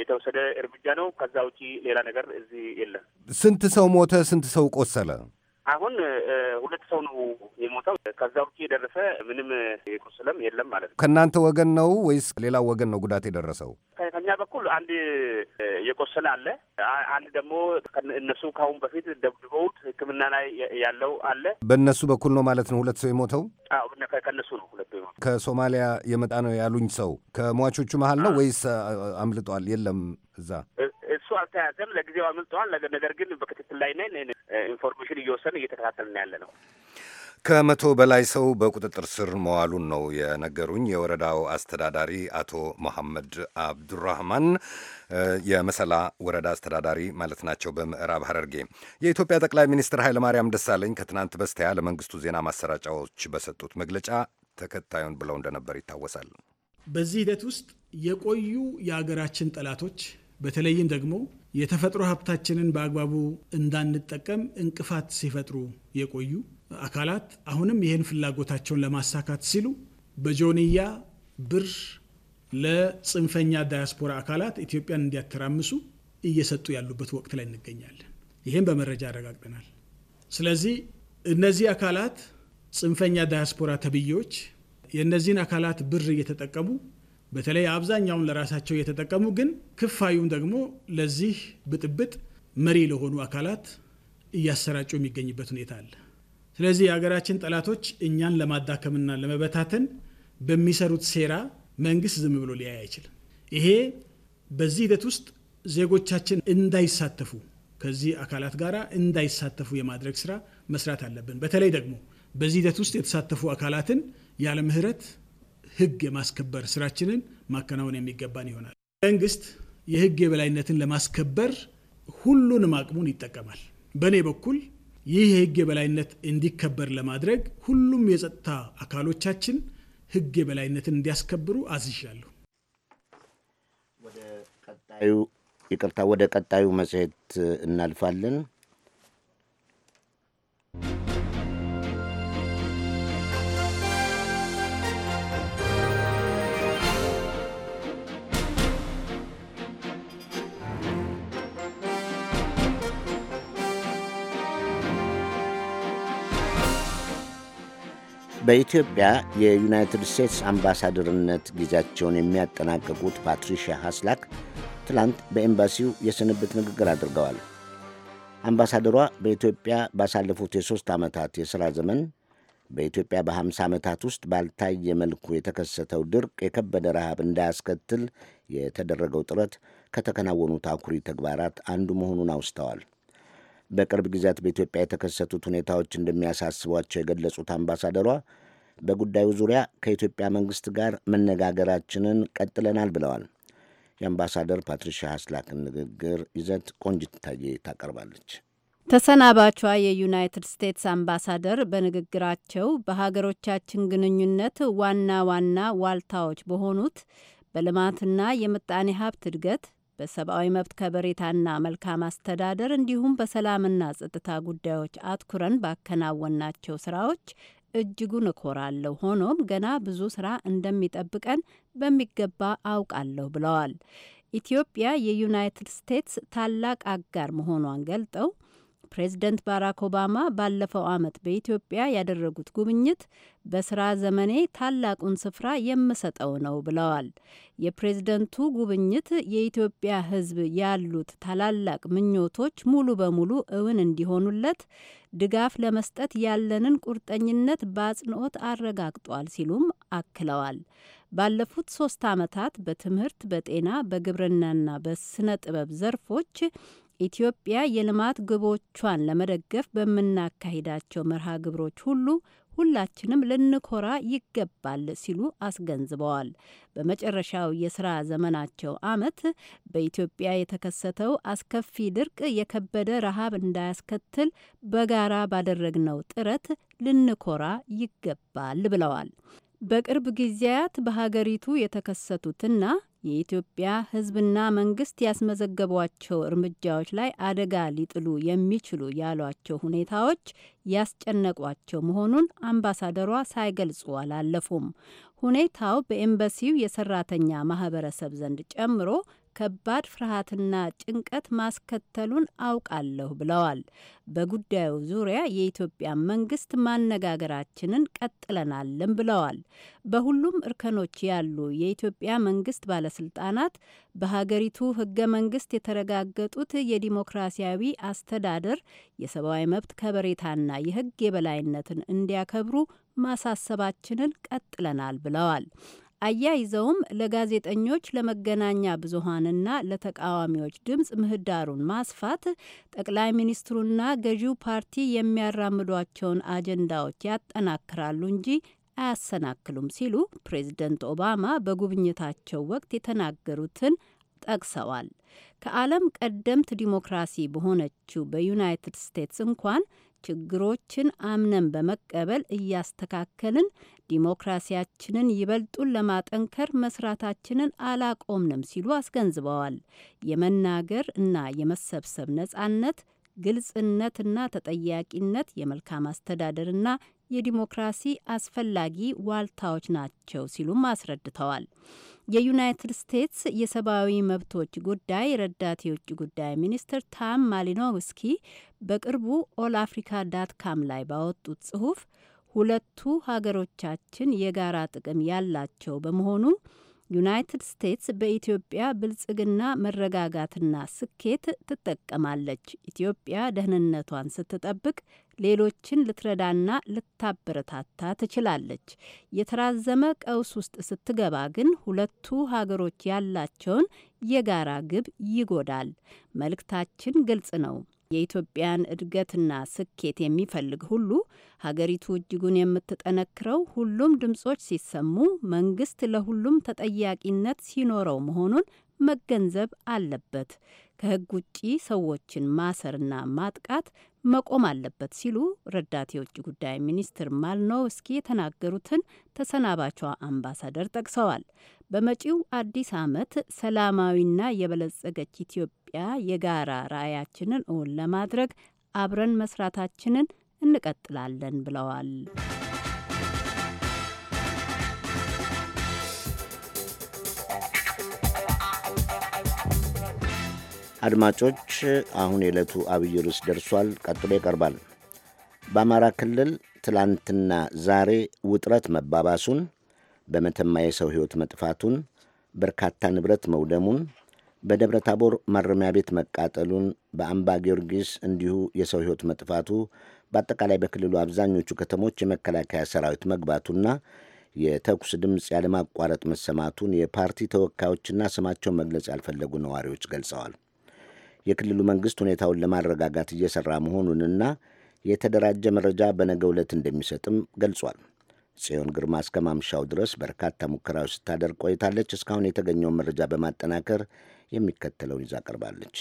የተወሰደ እርምጃ ነው። ከዛ ውጪ ሌላ ነገር እዚህ የለም። ስንት ሰው ሞተ? ስንት ሰው ቆሰለ? አሁን ሁለት ሰው ነው የሞተው። ከዛ ውጭ የደረሰ ምንም የቆሰለም የለም ማለት ነው። ከእናንተ ወገን ነው ወይስ ሌላ ወገን ነው ጉዳት የደረሰው? ከኛ በኩል አንድ የቆሰለ አለ። አንድ ደግሞ እነሱ ከአሁን በፊት ደብድበውት ሕክምና ላይ ያለው አለ። በእነሱ በኩል ነው ማለት ነው ሁለት ሰው የሞተው? ከእነሱ ነው ሁለት ሞ ከሶማሊያ የመጣ ነው ያሉኝ ሰው ከሟቾቹ መሀል ነው ወይስ አምልጧል? የለም እዛ አልተያዘም። ለጊዜው አምልጠዋል። ነገር ግን በክትትል ላይ ነን። ኢንፎርሜሽን እየወሰን እየተከታተልን ያለ ነው። ከመቶ በላይ ሰው በቁጥጥር ስር መዋሉን ነው የነገሩኝ የወረዳው አስተዳዳሪ አቶ መሐመድ አብዱራህማን የመሰላ ወረዳ አስተዳዳሪ ማለት ናቸው። በምዕራብ ሐረርጌ የኢትዮጵያ ጠቅላይ ሚኒስትር ኃይለማርያም ደሳለኝ ከትናንት በስቲያ ለመንግስቱ ዜና ማሰራጫዎች በሰጡት መግለጫ ተከታዩን ብለው እንደነበር ይታወሳል። በዚህ ሂደት ውስጥ የቆዩ የአገራችን ጠላቶች በተለይም ደግሞ የተፈጥሮ ሀብታችንን በአግባቡ እንዳንጠቀም እንቅፋት ሲፈጥሩ የቆዩ አካላት አሁንም ይህን ፍላጎታቸውን ለማሳካት ሲሉ በጆንያ ብር ለጽንፈኛ ዳያስፖራ አካላት ኢትዮጵያን እንዲያተራምሱ እየሰጡ ያሉበት ወቅት ላይ እንገኛለን። ይህም በመረጃ ያረጋግጠናል። ስለዚህ እነዚህ አካላት ጽንፈኛ ዳያስፖራ ተብዬዎች የእነዚህን አካላት ብር እየተጠቀሙ በተለይ አብዛኛውን ለራሳቸው እየተጠቀሙ ግን ክፋዩን ደግሞ ለዚህ ብጥብጥ መሪ ለሆኑ አካላት እያሰራጩ የሚገኝበት ሁኔታ አለ። ስለዚህ የሀገራችን ጠላቶች እኛን ለማዳከምና ለመበታተን በሚሰሩት ሴራ መንግስት ዝም ብሎ ሊያይ አይችልም። ይሄ በዚህ ሂደት ውስጥ ዜጎቻችን እንዳይሳተፉ ከዚህ አካላት ጋር እንዳይሳተፉ የማድረግ ስራ መስራት አለብን። በተለይ ደግሞ በዚህ ሂደት ውስጥ የተሳተፉ አካላትን ያለ ምህረት ህግ የማስከበር ስራችንን ማከናወን የሚገባን ይሆናል። መንግስት የህግ የበላይነትን ለማስከበር ሁሉንም አቅሙን ይጠቀማል። በእኔ በኩል ይህ የህግ የበላይነት እንዲከበር ለማድረግ ሁሉም የጸጥታ አካሎቻችን ህግ የበላይነትን እንዲያስከብሩ አዝዣለሁ። ወደ ቀጣዩ ይቅርታ፣ ወደ ቀጣዩ መጽሔት እናልፋለን። በኢትዮጵያ የዩናይትድ ስቴትስ አምባሳደርነት ጊዜያቸውን የሚያጠናቀቁት ፓትሪሺያ ሐስላክ ትላንት በኤምባሲው የስንብት ንግግር አድርገዋል። አምባሳደሯ በኢትዮጵያ ባሳለፉት የሦስት ዓመታት የሥራ ዘመን በኢትዮጵያ በ50 ዓመታት ውስጥ ባልታየ መልኩ የተከሰተው ድርቅ የከበደ ረሃብ እንዳያስከትል የተደረገው ጥረት ከተከናወኑት አኩሪ ተግባራት አንዱ መሆኑን አውስተዋል። በቅርብ ጊዜያት በኢትዮጵያ የተከሰቱት ሁኔታዎች እንደሚያሳስቧቸው የገለጹት አምባሳደሯ በጉዳዩ ዙሪያ ከኢትዮጵያ መንግስት ጋር መነጋገራችንን ቀጥለናል ብለዋል። የአምባሳደር ፓትሪሻ ሀስላክን ንግግር ይዘት ቆንጅት ታዬ ታቀርባለች። ተሰናባቿ የዩናይትድ ስቴትስ አምባሳደር በንግግራቸው በሀገሮቻችን ግንኙነት ዋና ዋና ዋልታዎች በሆኑት በልማትና የምጣኔ ሀብት እድገት በሰብአዊ መብት ከበሬታና መልካም አስተዳደር እንዲሁም በሰላምና ጸጥታ ጉዳዮች አትኩረን ባከናወናቸው ስራዎች እጅጉን እኮራለሁ። ሆኖም ገና ብዙ ስራ እንደሚጠብቀን በሚገባ አውቃለሁ ብለዋል። ኢትዮጵያ የዩናይትድ ስቴትስ ታላቅ አጋር መሆኗን ገልጠው ፕሬዝደንት ባራክ ኦባማ ባለፈው ዓመት በኢትዮጵያ ያደረጉት ጉብኝት በስራ ዘመኔ ታላቁን ስፍራ የምሰጠው ነው ብለዋል። የፕሬዝደንቱ ጉብኝት የኢትዮጵያ ሕዝብ ያሉት ታላላቅ ምኞቶች ሙሉ በሙሉ እውን እንዲሆኑለት ድጋፍ ለመስጠት ያለንን ቁርጠኝነት በአጽንኦት አረጋግጧል ሲሉም አክለዋል። ባለፉት ሶስት ዓመታት በትምህርት፣ በጤና፣ በግብርናና በስነ ጥበብ ዘርፎች ኢትዮጵያ የልማት ግቦቿን ለመደገፍ በምናካሂዳቸው መርሃ ግብሮች ሁሉ ሁላችንም ልንኮራ ይገባል ሲሉ አስገንዝበዋል። በመጨረሻው የስራ ዘመናቸው አመት በኢትዮጵያ የተከሰተው አስከፊ ድርቅ የከበደ ረሃብ እንዳያስከትል በጋራ ባደረግነው ጥረት ልንኮራ ይገባል ብለዋል። በቅርብ ጊዜያት በሀገሪቱ የተከሰቱትና የኢትዮጵያ ሕዝብና መንግስት ያስመዘገቧቸው እርምጃዎች ላይ አደጋ ሊጥሉ የሚችሉ ያሏቸው ሁኔታዎች ያስጨነቋቸው መሆኑን አምባሳደሯ ሳይገልጹ አላለፉም። ሁኔታው በኤምባሲው የሰራተኛ ማህበረሰብ ዘንድ ጨምሮ ከባድ ፍርሃትና ጭንቀት ማስከተሉን አውቃለሁ ብለዋል። በጉዳዩ ዙሪያ የኢትዮጵያ መንግስት ማነጋገራችንን ቀጥለናልን ብለዋል። በሁሉም እርከኖች ያሉ የኢትዮጵያ መንግስት ባለስልጣናት በሀገሪቱ ህገ መንግስት የተረጋገጡት የዲሞክራሲያዊ አስተዳደር፣ የሰብአዊ መብት ከበሬታና የህግ የበላይነትን እንዲያከብሩ ማሳሰባችንን ቀጥለናል ብለዋል። አያይዘውም ለጋዜጠኞች ለመገናኛ ብዙሀንና ለተቃዋሚዎች ድምፅ ምህዳሩን ማስፋት ጠቅላይ ሚኒስትሩና ገዢው ፓርቲ የሚያራምዷቸውን አጀንዳዎች ያጠናክራሉ እንጂ አያሰናክሉም ሲሉ ፕሬዝደንት ኦባማ በጉብኝታቸው ወቅት የተናገሩትን ጠቅሰዋል። ከዓለም ቀደምት ዲሞክራሲ በሆነችው በዩናይትድ ስቴትስ እንኳን ችግሮችን አምነን በመቀበል እያስተካከልን ዲሞክራሲያችንን ይበልጡን ለማጠንከር መስራታችንን አላቆምንም ሲሉ አስገንዝበዋል። የመናገር እና የመሰብሰብ ነጻነት፣ ግልጽነትና ተጠያቂነት የመልካም አስተዳደርና የዲሞክራሲ አስፈላጊ ዋልታዎች ናቸው ሲሉም አስረድተዋል። የዩናይትድ ስቴትስ የሰብአዊ መብቶች ጉዳይ ረዳት የውጭ ጉዳይ ሚኒስትር ታም ማሊኖውስኪ በቅርቡ ኦል አፍሪካ ዳት ካም ላይ ባወጡት ጽሁፍ ሁለቱ ሀገሮቻችን የጋራ ጥቅም ያላቸው በመሆኑ ዩናይትድ ስቴትስ በኢትዮጵያ ብልጽግና መረጋጋትና ስኬት ትጠቀማለች። ኢትዮጵያ ደህንነቷን ስትጠብቅ ሌሎችን ልትረዳና ልታበረታታ ትችላለች። የተራዘመ ቀውስ ውስጥ ስትገባ ግን ሁለቱ ሀገሮች ያላቸውን የጋራ ግብ ይጎዳል። መልእክታችን ግልጽ ነው። የኢትዮጵያን እድገትና ስኬት የሚፈልግ ሁሉ ሀገሪቱ እጅጉን የምትጠነክረው ሁሉም ድምጾች ሲሰሙ መንግስት ለሁሉም ተጠያቂነት ሲኖረው መሆኑን መገንዘብ አለበት። ከህግ ውጪ ሰዎችን ማሰርና ማጥቃት መቆም አለበት ሲሉ ረዳት የውጭ ጉዳይ ሚኒስትር ማልኖውስኪ የተናገሩትን ተሰናባቿ አምባሳደር ጠቅሰዋል። በመጪው አዲስ ዓመት ሰላማዊና የበለጸገች ኢትዮጵያ የጋራ ራዕያችንን እውን ለማድረግ አብረን መስራታችንን እንቀጥላለን ብለዋል። አድማጮች አሁን የዕለቱ አብይ ርዕስ ደርሷል። ቀጥሎ ይቀርባል። በአማራ ክልል ትላንትና ዛሬ ውጥረት መባባሱን፣ በመተማ የሰው ሕይወት መጥፋቱን፣ በርካታ ንብረት መውደሙን፣ በደብረ ታቦር ማረሚያ ቤት መቃጠሉን፣ በአምባ ጊዮርጊስ እንዲሁ የሰው ሕይወት መጥፋቱ፣ በአጠቃላይ በክልሉ አብዛኞቹ ከተሞች የመከላከያ ሰራዊት መግባቱና የተኩስ ድምፅ ያለማቋረጥ መሰማቱን የፓርቲ ተወካዮችና ስማቸውን መግለጽ ያልፈለጉ ነዋሪዎች ገልጸዋል። የክልሉ መንግስት ሁኔታውን ለማረጋጋት እየሰራ መሆኑንና የተደራጀ መረጃ በነገ ዕለት እንደሚሰጥም ገልጿል። ጽዮን ግርማ እስከ ማምሻው ድረስ በርካታ ሙከራዎች ስታደርግ ቆይታለች። እስካሁን የተገኘውን መረጃ በማጠናከር የሚከተለውን ይዛ ቀርባለች።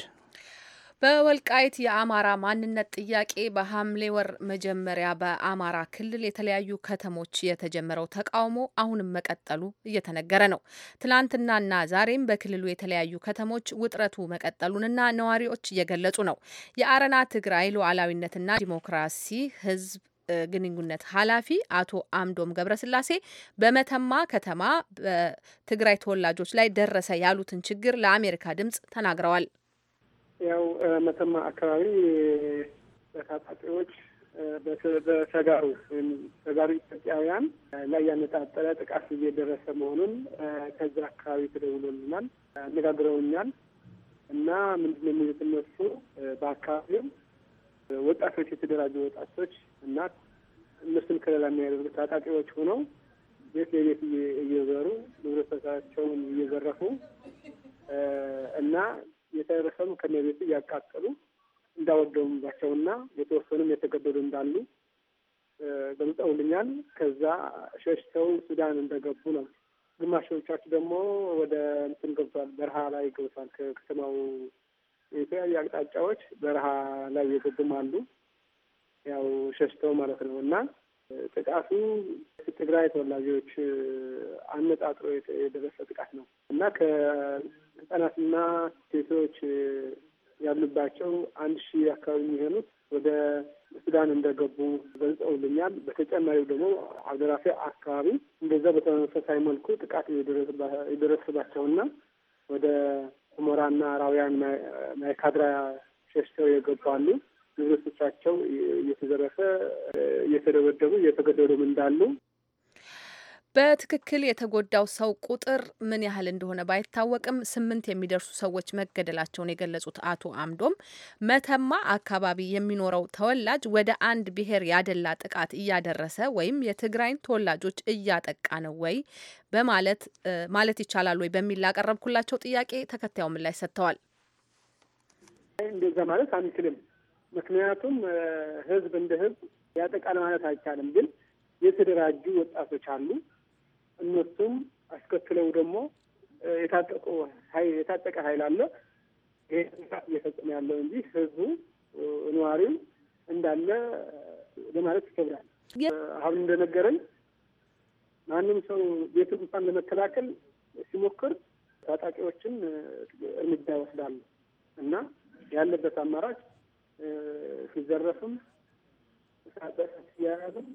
በወልቃይት የአማራ ማንነት ጥያቄ በሐምሌ ወር መጀመሪያ በአማራ ክልል የተለያዩ ከተሞች የተጀመረው ተቃውሞ አሁንም መቀጠሉ እየተነገረ ነው። ትናንትናና ዛሬም በክልሉ የተለያዩ ከተሞች ውጥረቱ መቀጠሉንና ነዋሪዎች እየገለጹ ነው። የአረና ትግራይ ሉዓላዊነትና ዲሞክራሲ ህዝብ ግንኙነት ኃላፊ አቶ አምዶም ገብረስላሴ በመተማ ከተማ በትግራይ ተወላጆች ላይ ደረሰ ያሉትን ችግር ለአሜሪካ ድምጽ ተናግረዋል። ያው መተማ አካባቢ በታጣቂዎች በተጋሩ ተጋሩ ኢትዮጵያውያን ላይ ያነጣጠረ ጥቃት እየደረሰ መሆኑን ከዚያ አካባቢ ተደውሎልናል፣ አነጋግረውኛል እና ምንድን ነው የሚሉት እነሱ በአካባቢው ወጣቶች የተደራጁ ወጣቶች እና እነሱን ከለላ የሚያደርጉ ታጣቂዎች ሆነው ቤት ለቤት እየዘሩ ንብረቶቻቸውን እየዘረፉ እና የተረፈም ከነቤቱ እያቃጠሉ እንዳወደሙባቸውና የተወሰኑም የተገደዱ እንዳሉ ገልጸውልኛል። ከዛ ሸሽተው ሱዳን እንደገቡ ነው። ግማሾቻችሁ ደግሞ ወደ እንትን ገብቷል፣ በረሃ ላይ ገብቷል። ከከተማው የተለያዩ አቅጣጫዎች በረሃ ላይ የገቡም አሉ፣ ያው ሸሽተው ማለት ነው። እና ጥቃቱ ትግራይ ተወላጆች አነጣጥሮ የደረሰ ጥቃት ነው እና ህጻናትና ሴቶች ያሉባቸው አንድ ሺህ አካባቢ የሚሆኑት ወደ ሱዳን እንደገቡ ገልጸውልኛል። በተጨማሪው ደግሞ አብደራፊ አካባቢ እንደዛ በተመሳሳይ መልኩ ጥቃት የደረሰባቸውና ወደ ሁመራና ራውያን ማይካድራ ሸሽተው የገባሉ ንብረቶቻቸው እየተዘረፈ እየተደበደቡ እየተገደሉም እንዳሉ በትክክል የተጎዳው ሰው ቁጥር ምን ያህል እንደሆነ ባይታወቅም ስምንት የሚደርሱ ሰዎች መገደላቸውን የገለጹት አቶ አምዶም መተማ አካባቢ የሚኖረው ተወላጅ ወደ አንድ ብሔር ያደላ ጥቃት እያደረሰ ወይም የትግራይን ተወላጆች እያጠቃ ነው ወይ በማለት ማለት ይቻላል ወይ በሚል ላቀረብኩላቸው ጥያቄ ተከታዩ ምላሽ ሰጥተዋል። እንደዛ ማለት አንችልም። ምክንያቱም ህዝብ እንደ ህዝብ ያጠቃል ማለት አይቻልም። ግን የተደራጁ ወጣቶች አሉ እነሱም አስከትለው ደግሞ የታጠቁ ኃይል የታጠቀ ኃይል አለ። ይህ እየፈጸመ ያለው እንጂ ህዝቡ ነዋሪው እንዳለ ለማለት ይከብዳል። አሁን እንደነገረኝ ማንም ሰው ቤት እንኳን ለመከላከል ሲሞክር ታጣቂዎችን እርምጃ ይወስዳሉ እና ያለበት አማራጭ ሲዘረፍም ሲያያዝም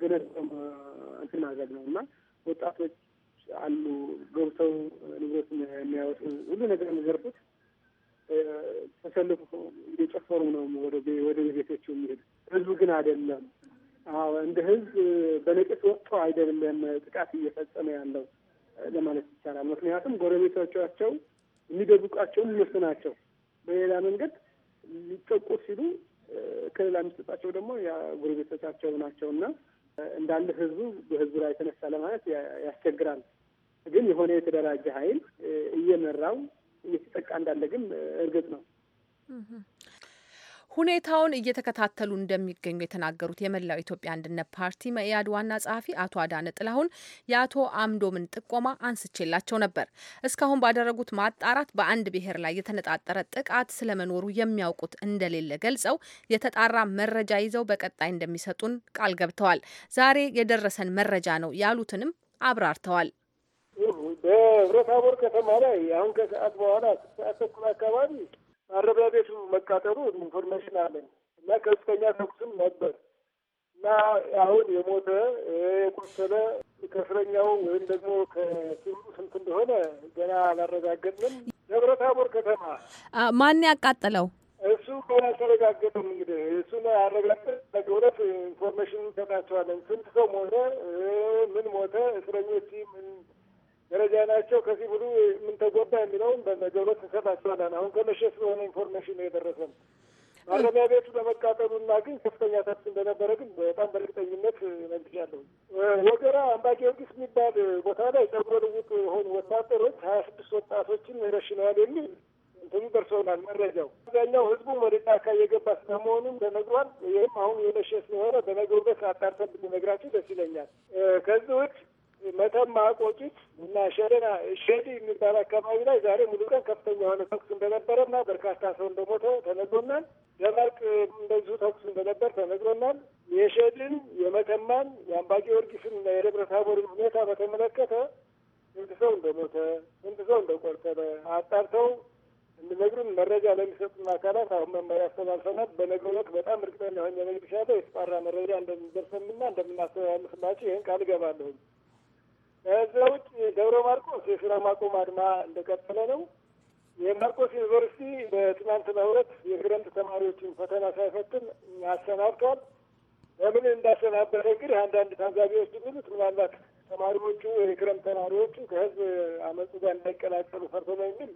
ግን እንትን ማድረግ ነው እና ወጣቶች አሉ ገብተው ንብረት የሚያወጡ ሁሉ ነገር የሚዘርቡት ተሰልፎ እየጨፈሩ ነው ወደ ቤቶቹ የሚሄዱ። ህዝቡ ግን አይደለም። አዎ እንደ ህዝብ በነቂስ ወጥቶ አይደለም ጥቃት እየፈጸመ ያለው ለማለት ይቻላል። ምክንያቱም ጎረቤቶቻቸው የሚደብቋቸውን እነሱ ናቸው። በሌላ መንገድ ሊጠቁ ሲሉ ክልል የሚሰጣቸው ደግሞ ያ ጎረቤቶቻቸው ናቸው እና እንዳለ ህዝቡ በህዝቡ ላይ የተነሳ ለማለት ያስቸግራል። ግን የሆነ የተደራጀ ኃይል እየመራው እየተጠቃ እንዳለ ግን እርግጥ ነው። ሁኔታውን እየተከታተሉ እንደሚገኙ የተናገሩት የመላው ኢትዮጵያ አንድነት ፓርቲ መኢአድ ዋና ጸሐፊ አቶ አዳነ ጥላሁን የአቶ አምዶምን ጥቆማ አንስቼላቸው ነበር። እስካሁን ባደረጉት ማጣራት በአንድ ብሔር ላይ የተነጣጠረ ጥቃት ስለመኖሩ የሚያውቁት እንደሌለ ገልጸው የተጣራ መረጃ ይዘው በቀጣይ እንደሚሰጡን ቃል ገብተዋል። ዛሬ የደረሰን መረጃ ነው ያሉትንም አብራርተዋል። በህብረት አቦር ከተማ ላይ አሁን ከሰዓት በኋላ ሰዓት ተኩል አካባቢ ማረቢያ ቤቱ መቃጠሉ ኢንፎርሜሽን አለኝ እና ከፍተኛ ተኩስም ነበር እና አሁን የሞተ የቆሰለ ከእስረኛው ወይም ደግሞ ከስሩ ስንት እንደሆነ ገና አላረጋገጥንም። ደብረ ታቦር ከተማ ማን ያቃጠለው እሱ አልተረጋገጠም። እንግዲህ እሱን አረጋገጥ ለገብረት ኢንፎርሜሽን እንሰጣቸዋለን። ስንት ሰው ሞተ፣ ምን ሞተ፣ እስረኞች ምን ደረጃ ናቸው። ከዚህ ብሉ ምን ተጎዳ የሚለውም በነገ ሁለት እንሰጣቸዋለን። አሁን ከመሸ ስለሆነ ኢንፎርሜሽን ነው የደረሰን። ማረሚያ ቤቱ ለመቃጠሉና ግን ከፍተኛ ታክስ እንደነበረ ግን በጣም በእርግጠኝነት ነግሬያለሁ። ወገራ አምባ ጊዮርጊስ የሚባል ቦታ ላይ ጸጉረ ልውጥ የሆኑ ወታደሮች ሀያ ስድስት ወጣቶችን ረሽነዋል የሚል እንትኑ ደርሰውናል መረጃው። አብዛኛው ህዝቡ ወደ ጫካ እየገባ ስለመሆኑም ተነግሯል። ይህም አሁን የመሸ ስለሆነ በነገ ውበት አጣርተን ብንነግራችሁ ደስ ይለኛል። ከዚህ ውጭ መተማ ቆጭት እና ሸደና ሸዲ የሚባል አካባቢ ላይ ዛሬ ሙሉ ቀን ከፍተኛ የሆነ ተኩስ እንደነበረና በርካታ ሰው እንደሞተ ተነግሮናል። ለመርቅ እንደዚሁ ተኩስ እንደነበር ተነግሮናል። የሸድን የመተማን የአምባ ጊዮርጊስን እና የደብረ ታቦርን ሁኔታ በተመለከተ ስንት ሰው እንደሞተ ስንት ሰው እንደቆሰለ አጣርተው እንዲነግሩን መረጃ ለሚሰጡን አካላት አሁን መመሪያ አስተላልፈናል። በነገ ዕለት በጣም እርግጠኛ ሆኜ ነግርሻለሁ። የተጣራ መረጃ እንደሚደርሰንና እንደምናስተላልፍላቸው ይህን ቃል እገባለሁኝ። ከዛ ውጭ ደብረ ማርቆስ የስራ ማቆም አድማ እንደቀጠለ ነው። የማርቆስ ዩኒቨርሲቲ በትናንትናው ዕለት የክረምት ተማሪዎችን ፈተና ሳይፈትን አሰናብቷል። በምን እንዳሰናበተ እንግዲህ አንዳንድ ታዛቢዎች የሚሉት ምናልባት ተማሪዎቹ የክረምት ተማሪዎቹ ከህዝብ አመፁ ጋር እንዳይቀላቀሉ ፈርቶ ነው የሚል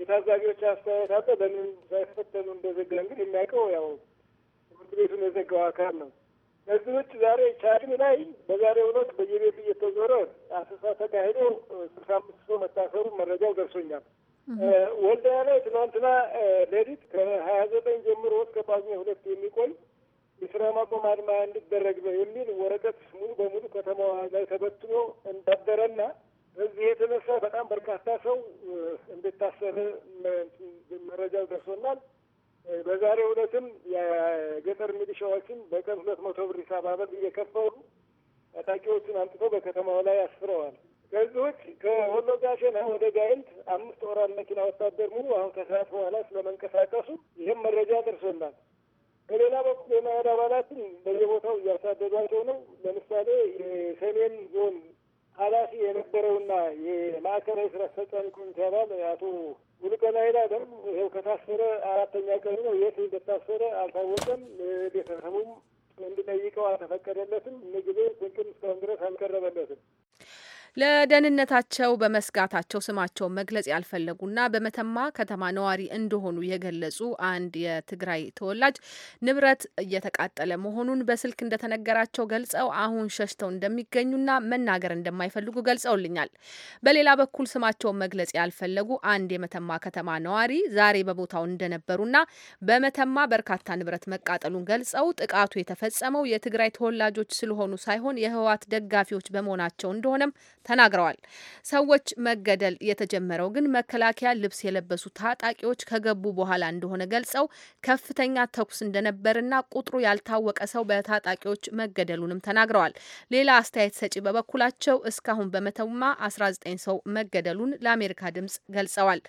የታዛቢዎች አስተያየት አለ። በምን ሳይፈተኑ እንደዘጋ እንግዲህ የሚያውቀው ያው ትምህርት ቤቱን የዘጋው አካል ነው። ከዚህ ውጭ ዛሬ ቻግኒ ላይ በዛሬ ዕለት በየቤቱ እየተዞረ አሰሳ ተካሂዶ ስልሳ አምስት ሰው መታሰሩ መረጃው ደርሶኛል። ወልዳያ ላይ ትናንትና ሌሊት ከሀያ ዘጠኝ ጀምሮ እስከ ጳጉሜ ሁለት የሚቆይ የስራ ማቆም አድማ እንዲደረግ ነው የሚል ወረቀት ሙሉ በሙሉ ከተማዋ ላይ ተበትኖ እንዳደረና በዚህ የተነሳ በጣም በርካታ ሰው እንደታሰረ መረጃው ደርሶናል። በዛሬ ዕለትም የገጠር ሚሊሻዎችን በቀን ሁለት መቶ ብር ሂሳብ አበል እየከፈሉ ታጣቂዎቹን አምጥተው በከተማው ላይ አስፍረዋል። ከዚህ ውጭ ከወሎ ጋሸና ወደ ጋይንት አምስት ወራት መኪና ወታደር ሙሉ አሁን ከሰዓት በኋላ ስለመንቀሳቀሱ ይህም መረጃ ደርሶናል። በሌላ በኩል የማያድ አባላትን በየቦታው እያሳደዷቸው ነው። ለምሳሌ የሰሜን ዞን ኃላፊ የነበረውና የማዕከላዊ ስራ አስፈጻሚ ኮሚቴ አባል አቶ ውልቀና ይላለም ይኸው ከታሰረ አራተኛ ቀኑ ነው። የት እንደታሰረ አልታወቀም። ቤተሰቡም እንድጠይቀው አልተፈቀደለትም። ምግብ ስንቅም እስካሁን ድረስ አልቀረበለትም። ለደህንነታቸው በመስጋታቸው ስማቸውን መግለጽ ያልፈለጉና በመተማ ከተማ ነዋሪ እንደሆኑ የገለጹ አንድ የትግራይ ተወላጅ ንብረት እየተቃጠለ መሆኑን በስልክ እንደተነገራቸው ገልጸው አሁን ሸሽተው እንደሚገኙና መናገር እንደማይፈልጉ ገልጸውልኛል። በሌላ በኩል ስማቸውን መግለጽ ያልፈለጉ አንድ የመተማ ከተማ ነዋሪ ዛሬ በቦታው እንደነበሩና በመተማ በርካታ ንብረት መቃጠሉን ገልጸው ጥቃቱ የተፈጸመው የትግራይ ተወላጆች ስለሆኑ ሳይሆን የህወሓት ደጋፊዎች በመሆናቸው እንደሆነም ተናግረዋል። ሰዎች መገደል የተጀመረው ግን መከላከያ ልብስ የለበሱ ታጣቂዎች ከገቡ በኋላ እንደሆነ ገልጸው ከፍተኛ ተኩስ እንደነበርና ቁጥሩ ያልታወቀ ሰው በታጣቂዎች መገደሉንም ተናግረዋል። ሌላ አስተያየት ሰጪ በበኩላቸው እስካሁን በመተማ 19 ሰው መገደሉን ለአሜሪካ ድምጽ ገልጸዋል።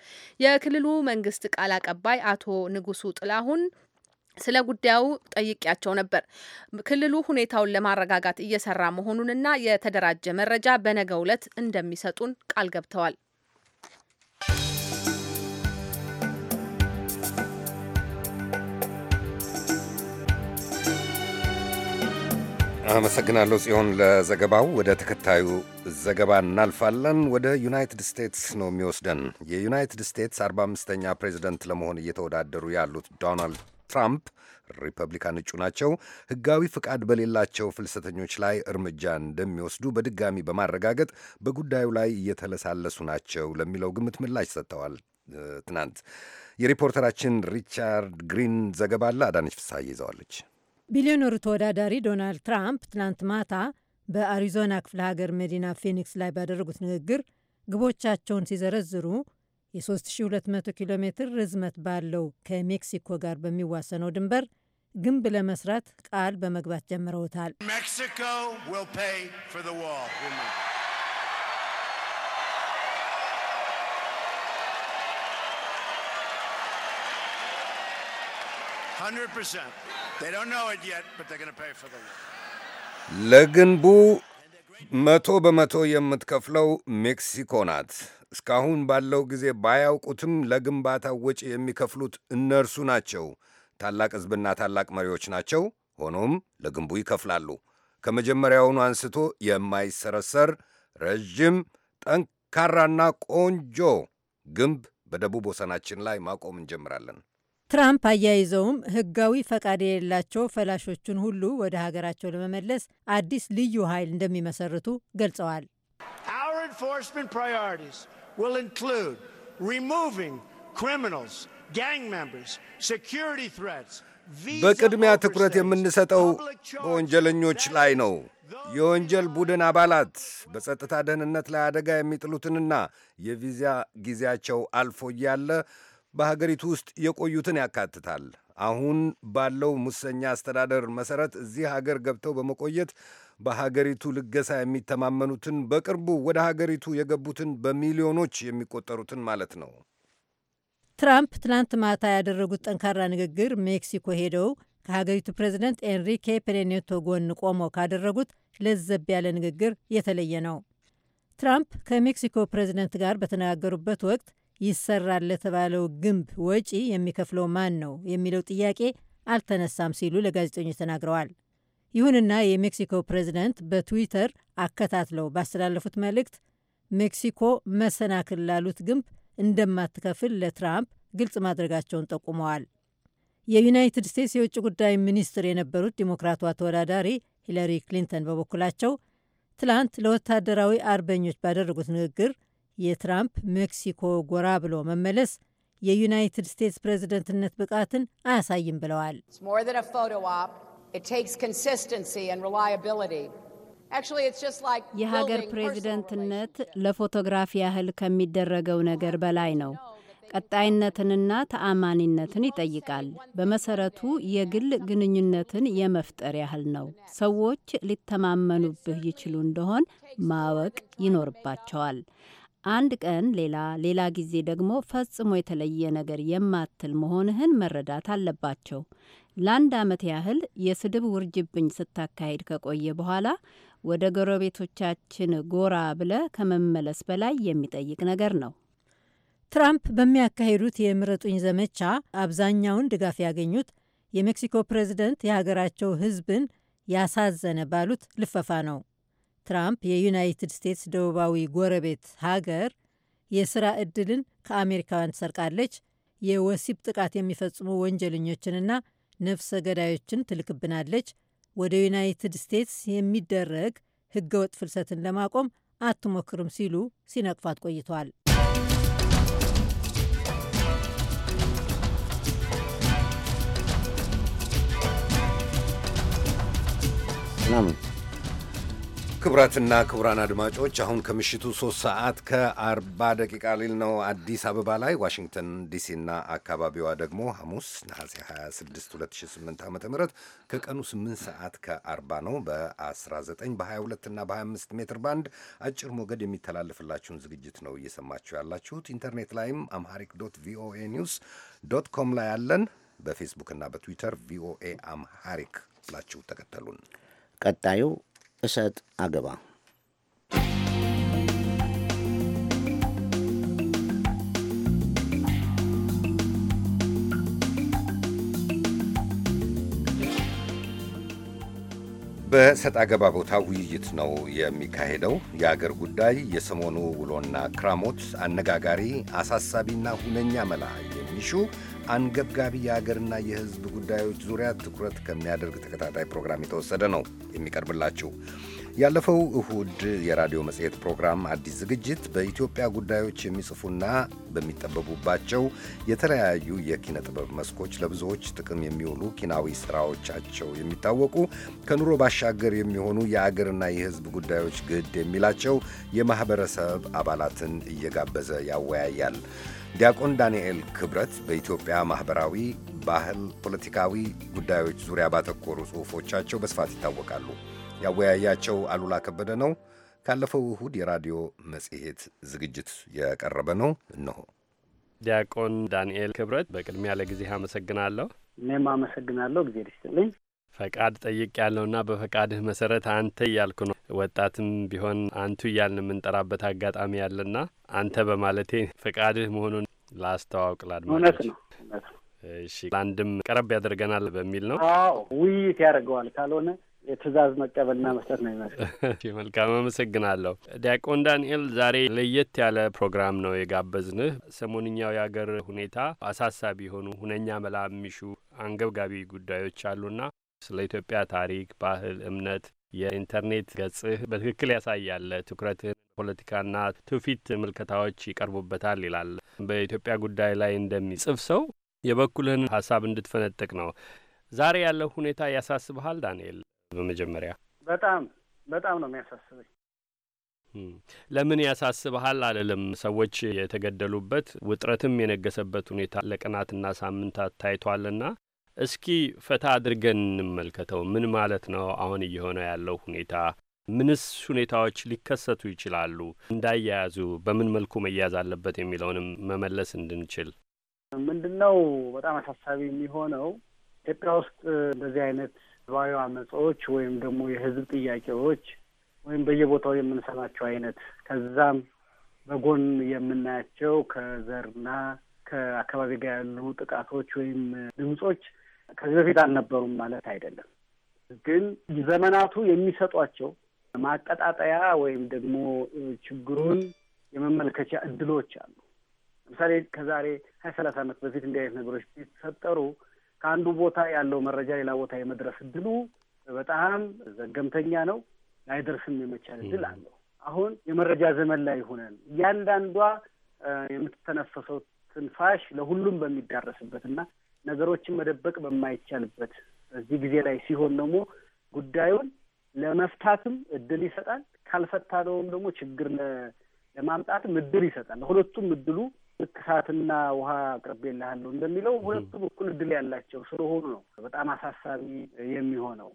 የክልሉ መንግስት ቃል አቀባይ አቶ ንጉሱ ጥላሁን ስለ ጉዳዩ ጠይቄያቸው ነበር። ክልሉ ሁኔታውን ለማረጋጋት እየሰራ መሆኑንና የተደራጀ መረጃ በነገ ዕለት እንደሚሰጡን ቃል ገብተዋል። አመሰግናለሁ ጽዮን ለዘገባው። ወደ ተከታዩ ዘገባ እናልፋለን። ወደ ዩናይትድ ስቴትስ ነው የሚወስደን። የዩናይትድ ስቴትስ አርባ አምስተኛ ፕሬዚደንት ለመሆን እየተወዳደሩ ያሉት ዶናልድ ትራምፕ ሪፐብሊካን እጩ ናቸው፣ ህጋዊ ፍቃድ በሌላቸው ፍልሰተኞች ላይ እርምጃ እንደሚወስዱ በድጋሚ በማረጋገጥ በጉዳዩ ላይ እየተለሳለሱ ናቸው ለሚለው ግምት ምላሽ ሰጥተዋል። ትናንት የሪፖርተራችን ሪቻርድ ግሪን ዘገባ አለ። አዳነች ፍስሐዬ ይዘዋለች። ቢሊዮነሩ ተወዳዳሪ ዶናልድ ትራምፕ ትናንት ማታ በአሪዞና ክፍለ ሀገር መዲና ፊኒክስ ላይ ባደረጉት ንግግር ግቦቻቸውን ሲዘረዝሩ የ3200 ኪሎ ሜትር ርዝመት ባለው ከሜክሲኮ ጋር በሚዋሰነው ድንበር ግንብ ለመስራት ቃል በመግባት ጀምረውታል። ለግንቡ መቶ በመቶ የምትከፍለው ሜክሲኮ ናት። እስካሁን ባለው ጊዜ ባያውቁትም ለግንባታ ወጪ የሚከፍሉት እነርሱ ናቸው። ታላቅ ሕዝብና ታላቅ መሪዎች ናቸው። ሆኖም ለግንቡ ይከፍላሉ። ከመጀመሪያውኑ አንስቶ የማይሰረሰር ረዥም፣ ጠንካራና ቆንጆ ግንብ በደቡብ ወሰናችን ላይ ማቆም እንጀምራለን። ትራምፕ አያይዘውም ህጋዊ ፈቃድ የሌላቸው ፈላሾችን ሁሉ ወደ ሀገራቸው ለመመለስ አዲስ ልዩ ኃይል እንደሚመሰርቱ ገልጸዋል። በቅድሚያ ትኩረት የምንሰጠው በወንጀለኞች ላይ ነው። የወንጀል ቡድን አባላት በጸጥታ ደህንነት ላይ አደጋ የሚጥሉትንና የቪዛ ጊዜያቸው አልፎ እያለ በሀገሪቱ ውስጥ የቆዩትን ያካትታል። አሁን ባለው ሙሰኛ አስተዳደር መሰረት እዚህ ሀገር ገብተው በመቆየት በሀገሪቱ ልገሳ የሚተማመኑትን በቅርቡ ወደ ሀገሪቱ የገቡትን በሚሊዮኖች የሚቆጠሩትን ማለት ነው። ትራምፕ ትናንት ማታ ያደረጉት ጠንካራ ንግግር ሜክሲኮ ሄደው ከሀገሪቱ ፕሬዚደንት ኤንሪኬ ፔሬኔቶ ጎን ቆመው ካደረጉት ለዘብ ያለ ንግግር የተለየ ነው። ትራምፕ ከሜክሲኮ ፕሬዚደንት ጋር በተነጋገሩበት ወቅት ይሰራል ለተባለው ግንብ ወጪ የሚከፍለው ማን ነው የሚለው ጥያቄ አልተነሳም ሲሉ ለጋዜጠኞች ተናግረዋል። ይሁንና የሜክሲኮ ፕሬዚደንት በትዊተር አከታትለው ባስተላለፉት መልእክት ሜክሲኮ መሰናክል ላሉት ግንብ እንደማትከፍል ለትራምፕ ግልጽ ማድረጋቸውን ጠቁመዋል። የዩናይትድ ስቴትስ የውጭ ጉዳይ ሚኒስትር የነበሩት ዲሞክራቷ ተወዳዳሪ ሂለሪ ክሊንተን በበኩላቸው ትላንት ለወታደራዊ አርበኞች ባደረጉት ንግግር የትራምፕ ሜክሲኮ ጎራ ብሎ መመለስ የዩናይትድ ስቴትስ ፕሬዝደንትነት ብቃትን አያሳይም ብለዋል። የሀገር ፕሬዝደንትነት ለፎቶግራፍ ያህል ከሚደረገው ነገር በላይ ነው። ቀጣይነትንና ተአማኒነትን ይጠይቃል። በመሰረቱ የግል ግንኙነትን የመፍጠር ያህል ነው። ሰዎች ሊተማመኑብህ ይችሉ እንደሆን ማወቅ ይኖርባቸዋል። አንድ ቀን ሌላ ሌላ ጊዜ ደግሞ ፈጽሞ የተለየ ነገር የማትል መሆንህን መረዳት አለባቸው። ለአንድ ዓመት ያህል የስድብ ውርጅብኝ ስታካሄድ ከቆየ በኋላ ወደ ጎረቤቶቻችን ጎራ ብለ ከመመለስ በላይ የሚጠይቅ ነገር ነው። ትራምፕ በሚያካሂዱት የምረጡኝ ዘመቻ አብዛኛውን ድጋፍ ያገኙት የሜክሲኮ ፕሬዝደንት የሀገራቸው ሕዝብን ያሳዘነ ባሉት ልፈፋ ነው። ትራምፕ የዩናይትድ ስቴትስ ደቡባዊ ጎረቤት ሀገር የስራ ዕድልን ከአሜሪካውያን ትሰርቃለች፣ የወሲብ ጥቃት የሚፈጽሙ ወንጀለኞችንና ነፍሰ ገዳዮችን ትልክብናለች፣ ወደ ዩናይትድ ስቴትስ የሚደረግ ህገወጥ ፍልሰትን ለማቆም አትሞክርም ሲሉ ሲነቅፏት ቆይተዋል። ምናምን ክቡራትና ክቡራን አድማጮች አሁን ከምሽቱ ሶስት ሰዓት ከአርባ ደቂቃ ሊል ነው አዲስ አበባ ላይ። ዋሽንግተን ዲሲና አካባቢዋ ደግሞ ሐሙስ ነሐሴ 26 2008 ዓ ም ከቀኑ 8 ሰዓት ከአ ነው። በ19 በ22 እና በ25 ሜትር ባንድ አጭር ሞገድ የሚተላለፍላችሁን ዝግጅት ነው እየሰማችሁ ያላችሁት። ኢንተርኔት ላይም አምሃሪክ ዶት ቪኦኤ ኒውስ ዶት ኮም ላይ ያለን በፌስቡክ እና በትዊተር ቪኦኤ አምሃሪክ ብላችሁ ተከተሉን። ቀጣዩ እሰጥ አገባ በሰጥ አገባ ቦታ ውይይት ነው የሚካሄደው። የአገር ጉዳይ፣ የሰሞኑ ውሎና ክራሞት፣ አነጋጋሪ አሳሳቢና ሁነኛ መላ የሚሹ አንገብጋቢ የሀገርና የሕዝብ ጉዳዮች ዙሪያ ትኩረት ከሚያደርግ ተከታታይ ፕሮግራም የተወሰደ ነው የሚቀርብላችሁ። ያለፈው እሁድ የራዲዮ መጽሔት ፕሮግራም አዲስ ዝግጅት በኢትዮጵያ ጉዳዮች የሚጽፉና በሚጠበቡባቸው የተለያዩ የኪነ ጥበብ መስኮች ለብዙዎች ጥቅም የሚውሉ ኪናዊ ስራዎቻቸው የሚታወቁ ከኑሮ ባሻገር የሚሆኑ የአገርና የህዝብ ጉዳዮች ግድ የሚላቸው የማኅበረሰብ አባላትን እየጋበዘ ያወያያል። ዲያቆን ዳንኤል ክብረት በኢትዮጵያ ማኅበራዊ፣ ባህል፣ ፖለቲካዊ ጉዳዮች ዙሪያ ባተኮሩ ጽሑፎቻቸው በስፋት ይታወቃሉ። ያወያያቸው አሉላ ከበደ ነው። ካለፈው እሁድ የራዲዮ መጽሔት ዝግጅት የቀረበ ነው። እነሆ። ዲያቆን ዳንኤል ክብረት፣ በቅድሚያ ለጊዜህ አመሰግናለሁ። እኔም አመሰግናለሁ። ጊዜ ይስጥልኝ። ፈቃድ ጠይቅ ያለውና በፈቃድህ መሰረት አንተ እያልኩ ነው። ወጣትም ቢሆን አንቱ እያልን የምንጠራበት አጋጣሚ ያለና አንተ በማለቴ ፈቃድህ መሆኑን ላስተዋውቅ ነው። እሺ፣ ለአንድም ቀረብ ያደርገናል በሚል ነው። አዎ፣ ውይይት ያደርገዋል። ካልሆነ የትእዛዝ መቀበልና መስጠት ነው ይመስል። መልካም አመሰግናለሁ። ዲያቆን ዳንኤል ዛሬ ለየት ያለ ፕሮግራም ነው የጋበዝንህ። ሰሞንኛው የአገር ሁኔታ አሳሳቢ የሆኑ ሁነኛ መላ የሚሹ አንገብጋቢ ጉዳዮች አሉና ስለ ኢትዮጵያ ታሪክ፣ ባህል፣ እምነት የኢንተርኔት ገጽህ በትክክል ያሳያል። ትኩረትህን ፖለቲካና ትውፊት ምልከታዎች ይቀርቡበታል ይላል። በኢትዮጵያ ጉዳይ ላይ እንደሚጽፍ ሰው የበኩልህን ሀሳብ እንድትፈነጥቅ ነው። ዛሬ ያለው ሁኔታ ያሳስብሃል ዳንኤል? በመጀመሪያ በጣም በጣም ነው የሚያሳስበኝ። ለምን ያሳስበሃል አልልም። ሰዎች የተገደሉበት ውጥረትም የነገሰበት ሁኔታ ለቀናትና ሳምንታት ታይቷልና እስኪ ፈታ አድርገን እንመልከተው። ምን ማለት ነው አሁን እየሆነ ያለው ሁኔታ? ምንስ ሁኔታዎች ሊከሰቱ ይችላሉ? እንዳያያዙ በምን መልኩ መያዝ አለበት የሚለውንም መመለስ እንድንችል ምንድን ነው በጣም አሳሳቢ የሚሆነው ኢትዮጵያ ውስጥ እንደዚህ አይነት ህዝባዊ አመጾች ወይም ደግሞ የህዝብ ጥያቄዎች ወይም በየቦታው የምንሰማቸው አይነት ከዛም በጎን የምናያቸው ከዘርና ከአካባቢ ጋር ያሉ ጥቃቶች ወይም ድምጾች ከዚህ በፊት አልነበሩም ማለት አይደለም። ግን ዘመናቱ የሚሰጧቸው ማቀጣጠያ ወይም ደግሞ ችግሩን የመመልከቻ እድሎች አሉ። ለምሳሌ ከዛሬ ሀያ ሰላሳ ዓመት በፊት እንዲህ አይነት ነገሮች ቢፈጠሩ ከአንዱ ቦታ ያለው መረጃ ሌላ ቦታ የመድረስ እድሉ በጣም ዘገምተኛ ነው። ላይደርስም የመቻል እድል አለው። አሁን የመረጃ ዘመን ላይ ሆነን እያንዳንዷ የምትተነፈሰው ትንፋሽ ለሁሉም በሚዳረስበት እና ነገሮችን መደበቅ በማይቻልበት በዚህ ጊዜ ላይ ሲሆን ደግሞ ጉዳዩን ለመፍታትም እድል ይሰጣል። ካልፈታነውም ደግሞ ችግር ለማምጣትም እድል ይሰጣል። ለሁለቱም እድሉ ልክ እሳትና ውሃ አቅርቤልሃለሁ እንደሚለው ሁለቱም እኩል እድል ያላቸው ስለሆኑ ነው በጣም አሳሳቢ የሚሆነው።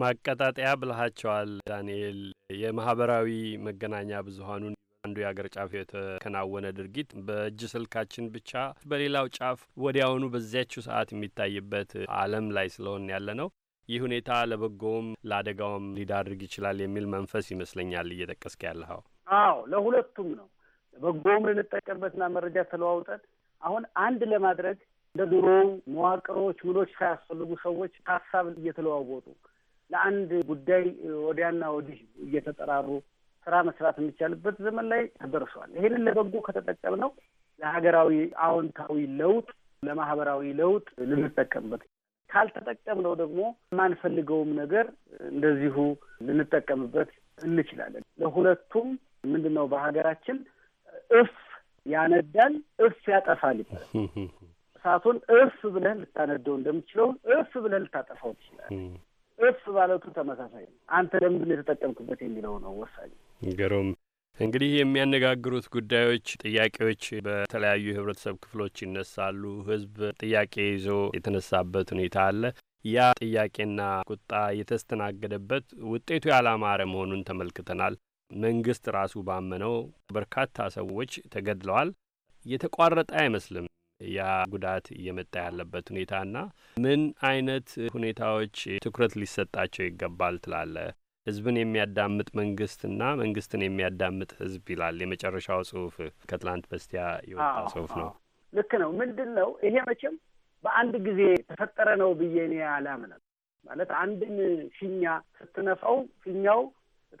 ማቀጣጠያ ብልሃቸዋል ዳንኤል። የማህበራዊ መገናኛ ብዙሀኑን አንዱ የአገር ጫፍ የተከናወነ ድርጊት በእጅ ስልካችን ብቻ በሌላው ጫፍ ወዲያውኑ በዚያችው ሰዓት የሚታይበት ዓለም ላይ ስለሆን ያለ ነው። ይህ ሁኔታ ለበጎውም ለአደጋውም ሊዳርግ ይችላል የሚል መንፈስ ይመስለኛል እየጠቀስክ ያለኸው። አዎ ለሁለቱም ነው። በጎውም ልንጠቀምበትና መረጃ ተለዋውጠን አሁን አንድ ለማድረግ እንደ ድሮው መዋቅሮች ምኖች ሳያስፈልጉ ሰዎች ሀሳብ እየተለዋወጡ ለአንድ ጉዳይ ወዲያና ወዲህ እየተጠራሩ ስራ መስራት የሚቻልበት ዘመን ላይ ተደርሷል። ይሄንን ለበጎ ከተጠቀምነው ለሀገራዊ አዎንታዊ ለውጥ፣ ለማህበራዊ ለውጥ ልንጠቀምበት ካልተጠቀምነው ደግሞ የማንፈልገውም ነገር እንደዚሁ ልንጠቀምበት እንችላለን። ለሁለቱም ምንድን ነው በሀገራችን እፍ ያነዳል፣ እፍ ያጠፋል ይባላል። እሳቱን እፍ ብለህ ልታነደው እንደምችለው እፍ ብለህ ልታጠፋው ትችላለህ። እፍ ማለቱ ተመሳሳይ ነው። አንተ ለምንድን ነው የተጠቀምክበት የሚለው ነው ወሳኝ። ግሩም እንግዲህ የሚያነጋግሩት ጉዳዮች፣ ጥያቄዎች በተለያዩ የህብረተሰብ ክፍሎች ይነሳሉ። ህዝብ ጥያቄ ይዞ የተነሳበት ሁኔታ አለ። ያ ጥያቄና ቁጣ የተስተናገደበት ውጤቱ ያላማረ መሆኑን ተመልክተናል። መንግስት ራሱ ባመነው በርካታ ሰዎች ተገድለዋል። የተቋረጠ አይመስልም ያ ጉዳት እየመጣ ያለበት ሁኔታና ምን አይነት ሁኔታዎች ትኩረት ሊሰጣቸው ይገባል ትላለ? ህዝብን የሚያዳምጥ መንግስትና መንግስትን የሚያዳምጥ ህዝብ ይላል የመጨረሻው ጽሁፍ፣ ከትላንት በስቲያ የወጣ ጽሁፍ ነው። ልክ ነው። ምንድን ነው ይሄ? መቼም በአንድ ጊዜ ተፈጠረ ነው ብዬ እኔ አላምንም። ማለት አንድን ፊኛ ስትነፋው ፊኛው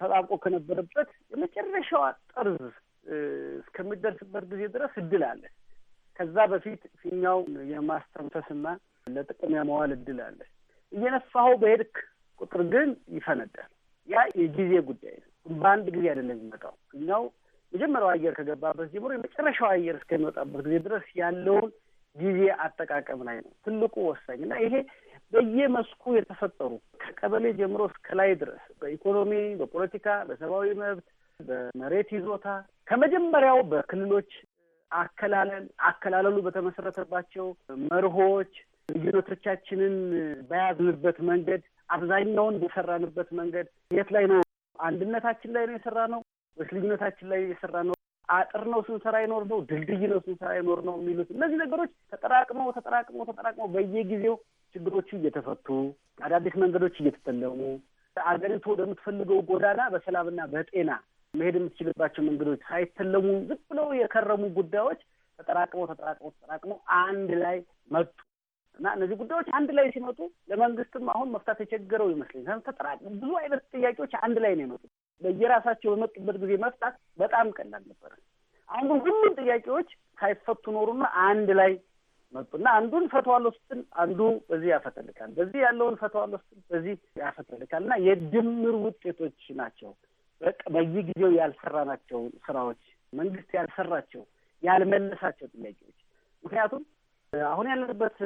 ተጣብቆ ከነበረበት የመጨረሻዋ ጠርዝ እስከሚደርስበት ጊዜ ድረስ እድል አለ። ከዛ በፊት ፊኛው የማስተንፈስና ለጥቅም የማዋል እድል አለ። እየነፋኸው በሄድክ ቁጥር ግን ይፈነዳል። ያ የጊዜ ጉዳይ ነው። በአንድ ጊዜ አይደለም የሚመጣው። እኛው መጀመሪያው አየር ከገባበት ጀምሮ የመጨረሻው አየር እስከሚወጣበት ጊዜ ድረስ ያለውን ጊዜ አጠቃቀም ላይ ነው ትልቁ ወሳኝ እና ይሄ በየመስኩ የተፈጠሩ ከቀበሌ ጀምሮ እስከ ላይ ድረስ በኢኮኖሚ፣ በፖለቲካ፣ በሰብአዊ መብት፣ በመሬት ይዞታ ከመጀመሪያው በክልሎች አከላለል አከላለሉ በተመሰረተባቸው መርሆች ልዩነቶቻችንን በያዝንበት መንገድ አብዛኛውን የሰራንበት መንገድ የት ላይ ነው? አንድነታችን ላይ ነው የሰራ ነው ወይስ ልዩነታችን ላይ የሰራ ነው? አጥር ነው ስንሰራ ይኖር ነው? ድልድይ ነው ስንሰራ ይኖር ነው? የሚሉት እነዚህ ነገሮች ተጠራቅመው ተጠራቅመው ተጠራቅመው በየጊዜው ችግሮቹ እየተፈቱ አዳዲስ መንገዶች እየተጠለሙ አገሪቱ ወደምትፈልገው ጎዳና በሰላምና በጤና መሄድ የምትችልባቸው መንገዶች ሳይተለሙ ዝም ብለው የከረሙ ጉዳዮች ተጠራቅመው ተጠራቅመው ተጠራቅመው አንድ ላይ መጡ። እና እነዚህ ጉዳዮች አንድ ላይ ሲመጡ ለመንግስትም አሁን መፍታት የቸገረው ይመስለኛል። ተጠራቅ ብዙ አይነት ጥያቄዎች አንድ ላይ ነው የመጡት። በየራሳቸው በመጡበት ጊዜ መፍታት በጣም ቀላል ነበረ። አሁን ግን ሁሉም ጥያቄዎች ሳይፈቱ ኖሩና አንድ ላይ መጡና አንዱን ፈተዋለሁ ስትል አንዱ በዚህ ያፈተልካል፣ በዚህ ያለውን ፈተዋለሁ ስትል በዚህ ያፈተልካል እና የድምር ውጤቶች ናቸው። በቃ በየጊዜው ያልሰራናቸው ስራዎች መንግስት ያልሰራቸው ያልመለሳቸው ጥያቄዎች ምክንያቱም አሁን ያለንበት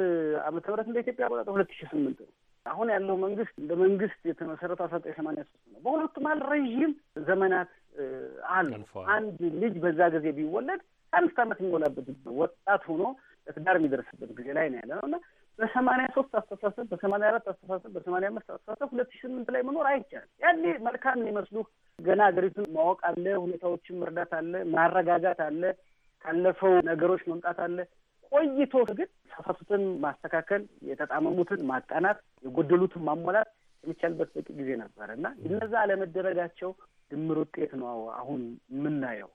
ዓመተ ምህረት እንደ ኢትዮጵያ አቆጣጠር ሁለት ሺ ስምንት ነው። አሁን ያለው መንግስት እንደ መንግስት የተመሰረተው አስራ ዘጠኝ ሰማንያ ሶስት ነው። በሁለቱ መሀል ረዥም ዘመናት አሉ። አንድ ልጅ በዛ ጊዜ ቢወለድ አምስት አመት የሚሞላበት ወጣት ሆኖ ለትዳር የሚደርስበት ጊዜ ላይ ነው ያለ ነው እና በሰማንያ ሶስት አስተሳሰብ በሰማንያ አራት አስተሳሰብ በሰማንያ አምስት አስተሳሰብ ሁለት ሺ ስምንት ላይ መኖር አይቻልም። ያኔ መልካም የሚመስሉ ገና ሀገሪቱን ማወቅ አለ፣ ሁኔታዎችን መርዳት አለ፣ ማረጋጋት አለ፣ ካለፈው ነገሮች መምጣት አለ። ቆይቶ ግን የተሳሳቱትን ማስተካከል፣ የተጣመሙትን ማቃናት፣ የጎደሉትን ማሟላት የሚቻልበት በቂ ጊዜ ነበር እና እነዛ አለመደረጋቸው ድምር ውጤት ነው አሁን የምናየው።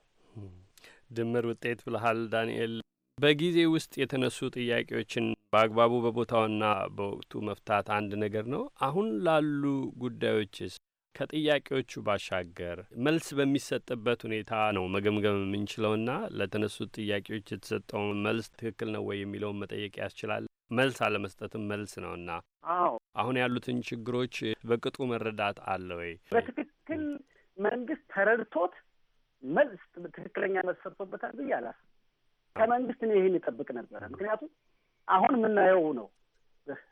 ድምር ውጤት ብልሃል ዳንኤል። በጊዜ ውስጥ የተነሱ ጥያቄዎችን በአግባቡ በቦታውና በወቅቱ መፍታት አንድ ነገር ነው። አሁን ላሉ ጉዳዮችስ ከጥያቄዎቹ ባሻገር መልስ በሚሰጥበት ሁኔታ ነው መገምገም የምንችለውና ለተነሱት ጥያቄዎች የተሰጠውን መልስ ትክክል ነው ወይ የሚለውን መጠየቅ ያስችላል። መልስ አለመስጠትም መልስ ነውና። አዎ አሁን ያሉትን ችግሮች በቅጡ መረዳት አለ ወይ? በትክክል መንግስት ተረድቶት መልስ ትክክለኛ መልስ ሰጥቶበታል ብዬ አላስ ከመንግስት እኔ ይህን ይጠብቅ ነበረ። ምክንያቱም አሁን የምናየው ነው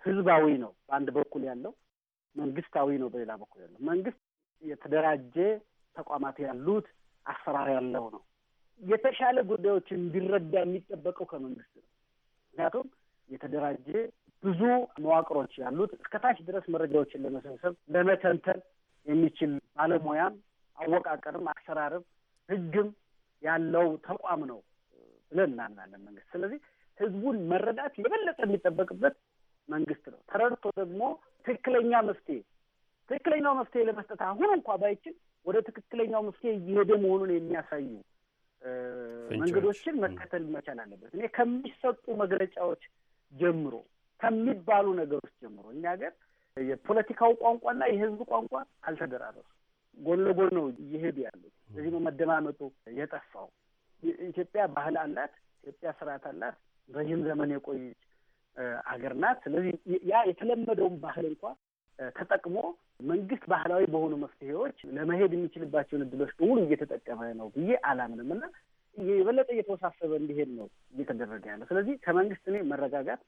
ህዝባዊ ነው በአንድ በኩል ያለው መንግስታዊ ነው። በሌላ በኩል ያለው መንግስት የተደራጀ ተቋማት ያሉት አሰራር ያለው ነው። የተሻለ ጉዳዮች እንዲረዳ የሚጠበቀው ከመንግስት ነው። ምክንያቱም የተደራጀ ብዙ መዋቅሮች ያሉት እስከታች ድረስ መረጃዎችን ለመሰብሰብ ለመተንተን የሚችል ባለሙያም አወቃቀርም አሰራርም ህግም ያለው ተቋም ነው ብለን እናምናለን መንግስት። ስለዚህ ህዝቡን መረዳት የበለጠ የሚጠበቅበት መንግስት ነው። ተረድቶ ደግሞ ትክክለኛ መፍትሄ ትክክለኛው መፍትሄ ለመስጠት አሁን እንኳ ባይችል ወደ ትክክለኛው መፍትሄ እየሄደ መሆኑን የሚያሳዩ መንገዶችን መከተል መቻል አለበት። እኔ ከሚሰጡ መግለጫዎች ጀምሮ ከሚባሉ ነገሮች ጀምሮ እኛ ሀገር የፖለቲካው ቋንቋና የህዝብ ቋንቋ አልተደራረሱ ጎን ለጎን ነው እየሄዱ ያሉት። ስለዚህ ነው መደማመጡ የጠፋው። ኢትዮጵያ ባህል አላት። ኢትዮጵያ ስርዓት አላት። ረዥም ዘመን የቆየች አገር ናት። ስለዚህ ያ የተለመደውን ባህል እንኳ ተጠቅሞ መንግስት ባህላዊ በሆኑ መፍትሄዎች ለመሄድ የሚችልባቸውን እድሎች በሙሉ እየተጠቀመ ነው ብዬ አላምንም እና የበለጠ እየተወሳሰበ እንዲሄድ ነው እየተደረገ ያለ። ስለዚህ ከመንግስት እኔ መረጋጋት፣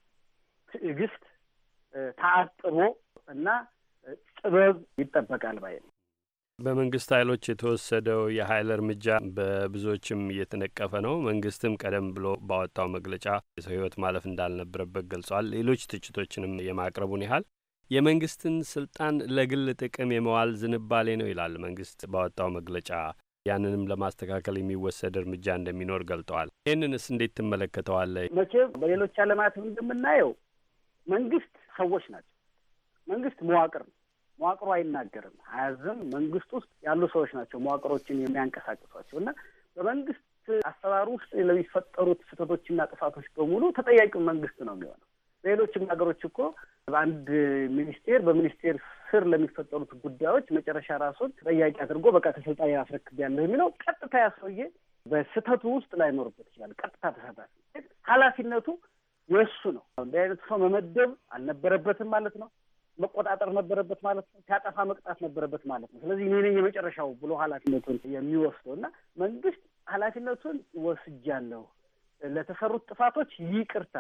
ትዕግስት፣ ተአጥቦ እና ጥበብ ይጠበቃል ባይ ነው። በመንግስት ኃይሎች የተወሰደው የኃይል እርምጃ በብዙዎችም እየተነቀፈ ነው። መንግስትም ቀደም ብሎ ባወጣው መግለጫ የሰው ህይወት ማለፍ እንዳልነበረበት ገልጿል። ሌሎች ትችቶችንም የማቅረቡን ያህል የመንግስትን ስልጣን ለግል ጥቅም የመዋል ዝንባሌ ነው ይላል መንግስት ባወጣው መግለጫ። ያንንም ለማስተካከል የሚወሰድ እርምጃ እንደሚኖር ገልጠዋል። ይህንንስ እንዴት ትመለከተዋለህ? መቼም በሌሎች ዓለማትም እንደምናየው መንግስት ሰዎች ናቸው። መንግስት መዋቅር ነው። መዋቅሩ አይናገርም፣ አያዝም። መንግስት ውስጥ ያሉ ሰዎች ናቸው መዋቅሮችን የሚያንቀሳቅሷቸው እና በመንግስት አሰራር ውስጥ ለሚፈጠሩት ስህተቶችና ጥፋቶች በሙሉ ተጠያቂ መንግስት ነው የሚሆነው። ሌሎችም ሀገሮች እኮ በአንድ ሚኒስቴር በሚኒስቴር ስር ለሚፈጠሩት ጉዳዮች መጨረሻ ራሱን ተጠያቂ አድርጎ በቃ ተሰልጣኝ አስረክቤያለሁ የሚለው ቀጥታ ያሰውዬ በስህተቱ ውስጥ ላይኖርበት ይችላል። ቀጥታ ተሳታፊ ኃላፊነቱ የእሱ ነው። እንዲህ አይነት ሰው መመደብ አልነበረበትም ማለት ነው። መቆጣጠር ነበረበት ማለት ነው። ሲያጠፋ መቅጣት ነበረበት ማለት ነው። ስለዚህ እኔ ነኝ የመጨረሻው ብሎ ኃላፊነቱን የሚወስደው እና መንግስት ኃላፊነቱን ወስጃለሁ፣ ለተሰሩት ጥፋቶች ይቅርታ።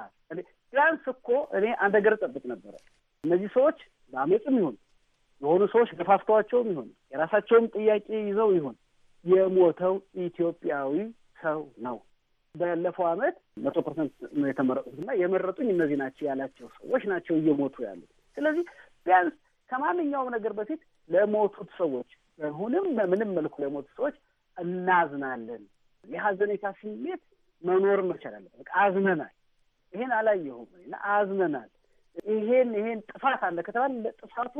ቢያንስ እኮ እኔ አንድ ነገር ጠብቅ ነበረ። እነዚህ ሰዎች በአመፅም ይሁን የሆኑ ሰዎች ገፋፍተዋቸውም ይሁን የራሳቸውም ጥያቄ ይዘው ይሁን የሞተው ኢትዮጵያዊ ሰው ነው። ባለፈው አመት መቶ ፐርሰንት ነው እና የመረጡኝ እነዚህ ናቸው ያላቸው ሰዎች ናቸው እየሞቱ ያሉት። ስለዚህ ቢያንስ ከማንኛውም ነገር በፊት ለሞቱት ሰዎች በሁንም በምንም መልኩ ለሞቱት ሰዎች እናዝናለን። የሀዘኔታ ስሜት መኖር መቻል አለበት። አዝነናል። ይሄን አላየሁም እና አዝነናል። ይሄን ይሄን ጥፋት አለ ከተባለ ለጥፋቱ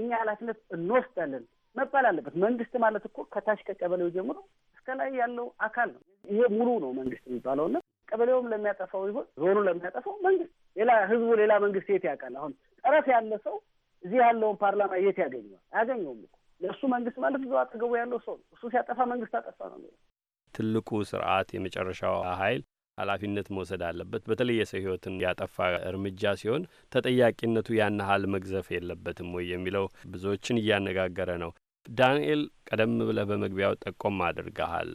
እኛ ኃላፊነት እንወስዳለን መባል አለበት። መንግስት ማለት እኮ ከታች ከቀበሌው ጀምሮ እስከ ላይ ያለው አካል ነው። ይሄ ሙሉ ነው መንግስት የሚባለው የሚባለውና ቀበሌውም ለሚያጠፋው ይሆን ዞኑ ለሚያጠፋው መንግስት ሌላ ህዝቡ ሌላ መንግስት የት ያውቃል? አሁን ጠረፍ ያለ ሰው እዚህ ያለውን ፓርላማ የት ያገኘዋል? አያገኘውም እኮ ለእሱ መንግስት ማለት እዛው አጠገቡ ያለው ሰው እሱ ሲያጠፋ መንግስት አጠፋ ነው የሚለው ትልቁ ስርዓት የመጨረሻው ኃይል ኃላፊነት መውሰድ አለበት። በተለይ የሰው ህይወትን ያጠፋ እርምጃ ሲሆን ተጠያቂነቱ ያን ያህል መግዘፍ የለበትም ወይ የሚለው ብዙዎችን እያነጋገረ ነው። ዳንኤል፣ ቀደም ብለህ በመግቢያው ጠቆም አድርገሃል።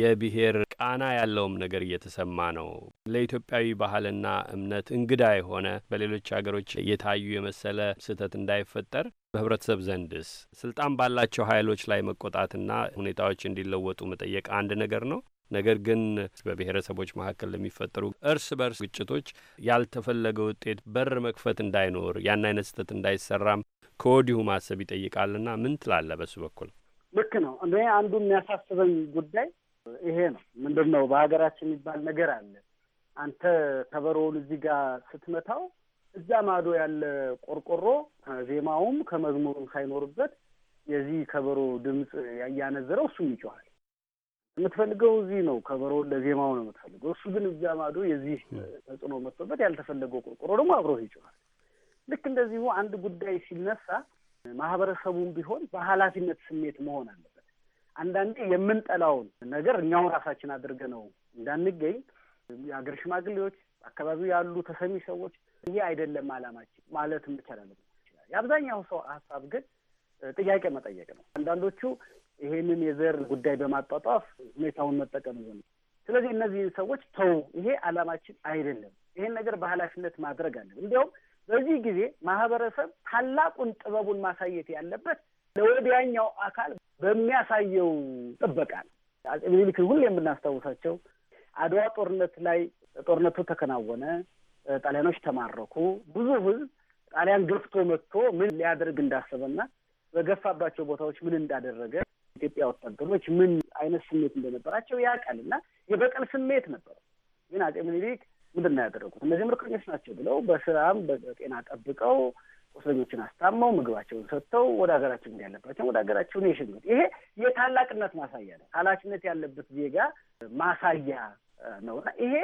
የብሔር ቃና ያለውም ነገር እየተሰማ ነው። ለኢትዮጵያዊ ባህልና እምነት እንግዳ የሆነ በሌሎች ሀገሮች የታዩ የመሰለ ስህተት እንዳይፈጠር በህብረተሰብ ዘንድስ ስልጣን ባላቸው ኃይሎች ላይ መቆጣትና ሁኔታዎች እንዲለወጡ መጠየቅ አንድ ነገር ነው። ነገር ግን በብሔረሰቦች መካከል ለሚፈጠሩ እርስ በርስ ግጭቶች ያልተፈለገ ውጤት በር መክፈት እንዳይኖር ያን አይነት ስህተት እንዳይሰራም ከወዲሁ ማሰብ ይጠይቃልና ምን ትላለህ? በሱ በኩል ልክ ነው። እኔ አንዱ የሚያሳስበኝ ጉዳይ ይሄ ነው። ምንድን ነው በሀገራችን የሚባል ነገር አለ። አንተ ከበሮውን እዚህ ጋር ስትመታው እዛ ማዶ ያለ ቆርቆሮ ከዜማውም ከመዝሙሩም ሳይኖርበት የዚህ ከበሮ ድምፅ ያያነዘረው እሱም ይጮኋል። የምትፈልገው እዚህ ነው፣ ከበሮውን ለዜማው ነው የምትፈልገው። እሱ ግን እዛ ማዶ የዚህ ተጽዕኖ መጥቶበት ያልተፈለገው ቆርቆሮ ደግሞ አብሮ ይጮኋል። ልክ እንደዚሁ አንድ ጉዳይ ሲነሳ ማህበረሰቡም ቢሆን በኃላፊነት ስሜት መሆን አለ አንዳንዴ የምንጠላውን ነገር እኛውን ራሳችን አድርገ ነው እንዳንገኝ የሀገር ሽማግሌዎች፣ አካባቢው ያሉ ተሰሚ ሰዎች ይሄ አይደለም አላማችን ማለት እንችላለን። የአብዛኛው ሰው ሀሳብ ግን ጥያቄ መጠየቅ ነው። አንዳንዶቹ ይሄንን የዘር ጉዳይ በማጧጧፍ ሁኔታውን መጠቀም ይሆን። ስለዚህ እነዚህን ሰዎች ተው፣ ይሄ አላማችን አይደለም፣ ይሄን ነገር በኃላፊነት ማድረግ አለን። እንዲያውም በዚህ ጊዜ ማህበረሰብ ታላቁን ጥበቡን ማሳየት ያለበት ለወዲያኛው አካል በሚያሳየው ጥበቃ ነው። አጼ ምኒልክን ሁሌ የምናስታውሳቸው አድዋ ጦርነት ላይ ጦርነቱ ተከናወነ፣ ጣሊያኖች ተማረኩ። ብዙ ህዝብ ጣሊያን ገፍቶ መጥቶ ምን ሊያደርግ እንዳሰበና በገፋባቸው ቦታዎች ምን እንዳደረገ ኢትዮጵያ ወታደሮች ምን አይነት ስሜት እንደነበራቸው ያውቃል እና የበቀል ስሜት ነበረ። ግን አጼ ምኒልክ ምንድን ነው ያደረጉት? እነዚህ ምርኮኞች ናቸው ብለው በስራም በጤና ጠብቀው ቁስለኞችን አስታመው ምግባቸውን ሰጥተው ወደ ሀገራቸው እንዲያለባቸው ወደ ሀገራቸው ነው የሸኙት። ይሄ የታላቅነት ማሳያ ነው። ኃላፊነት ያለበት ዜጋ ማሳያ ነውና ይሄ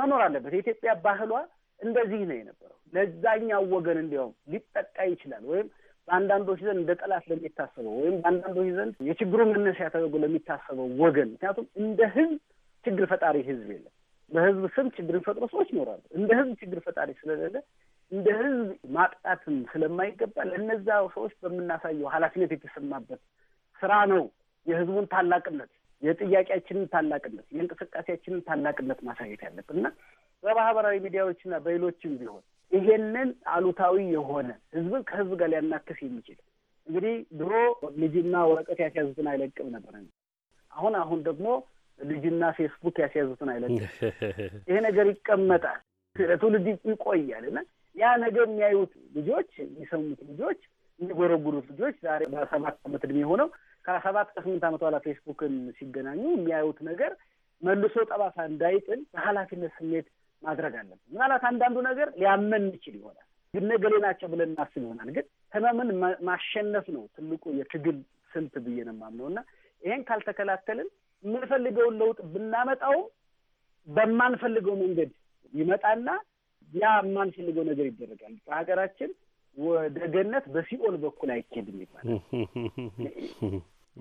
መኖር አለበት። የኢትዮጵያ ባህሏ እንደዚህ ነው የነበረው። ለዛኛው ወገን እንዲያውም ሊጠቃ ይችላል ወይም በአንዳንዶች ዘንድ እንደ ጠላት ለሚታሰበው ወይም በአንዳንዶች ዘንድ የችግሩ መነሻ ተደርጎ ለሚታሰበው ወገን ምክንያቱም እንደ ህዝብ ችግር ፈጣሪ ህዝብ የለም። በህዝብ ስም ችግርን ፈጥሮ ሰዎች ይኖራሉ። እንደ ህዝብ ችግር ፈጣሪ ስለሌለ እንደ ህዝብ ማጥቃትም ስለማይገባ ለነዛ ሰዎች በምናሳየው ኃላፊነት የተሰማበት ስራ ነው የህዝቡን ታላቅነት የጥያቄያችንን ታላቅነት የእንቅስቃሴያችንን ታላቅነት ማሳየት ያለብን እና በማህበራዊ ሚዲያዎችና በሌሎችም ቢሆን ይሄንን አሉታዊ የሆነ ህዝብን ከህዝብ ጋር ሊያናክስ የሚችል እንግዲህ ድሮ ልጅና ወረቀት ያስያዙትን አይለቅም ነበር። አሁን አሁን ደግሞ ልጅና ፌስቡክ ያስያዙትን አይለቅም። ይሄ ነገር ይቀመጣል፣ ለትውልድ ይቆያል እና ያ ነገር የሚያዩት ልጆች፣ የሚሰሙት ልጆች፣ የሚጎረጉሩት ልጆች ዛሬ በሰባት ዓመት እድሜ ሆነው ከሰባት ከስምንት ዓመት በኋላ ፌስቡክን ሲገናኙ የሚያዩት ነገር መልሶ ጠባሳ እንዳይጥል በኃላፊነት ስሜት ማድረግ አለብን። ምናልባት አንዳንዱ ነገር ሊያመን ይችል ይሆናል፣ ግን ነገሌ ናቸው ብለን እናስብ ይሆናል። ግን ህመምን ማሸነፍ ነው ትልቁ የትግል ስልት ብዬ ነው የማምነው እና ይሄን ካልተከላከልን የምንፈልገውን ለውጥ ብናመጣውም በማንፈልገው መንገድ ይመጣና ያ የማንፈልገው ነገር ይደረጋል። በሀገራችን ወደ ገነት በሲኦል በኩል አይኬድም ይባላል።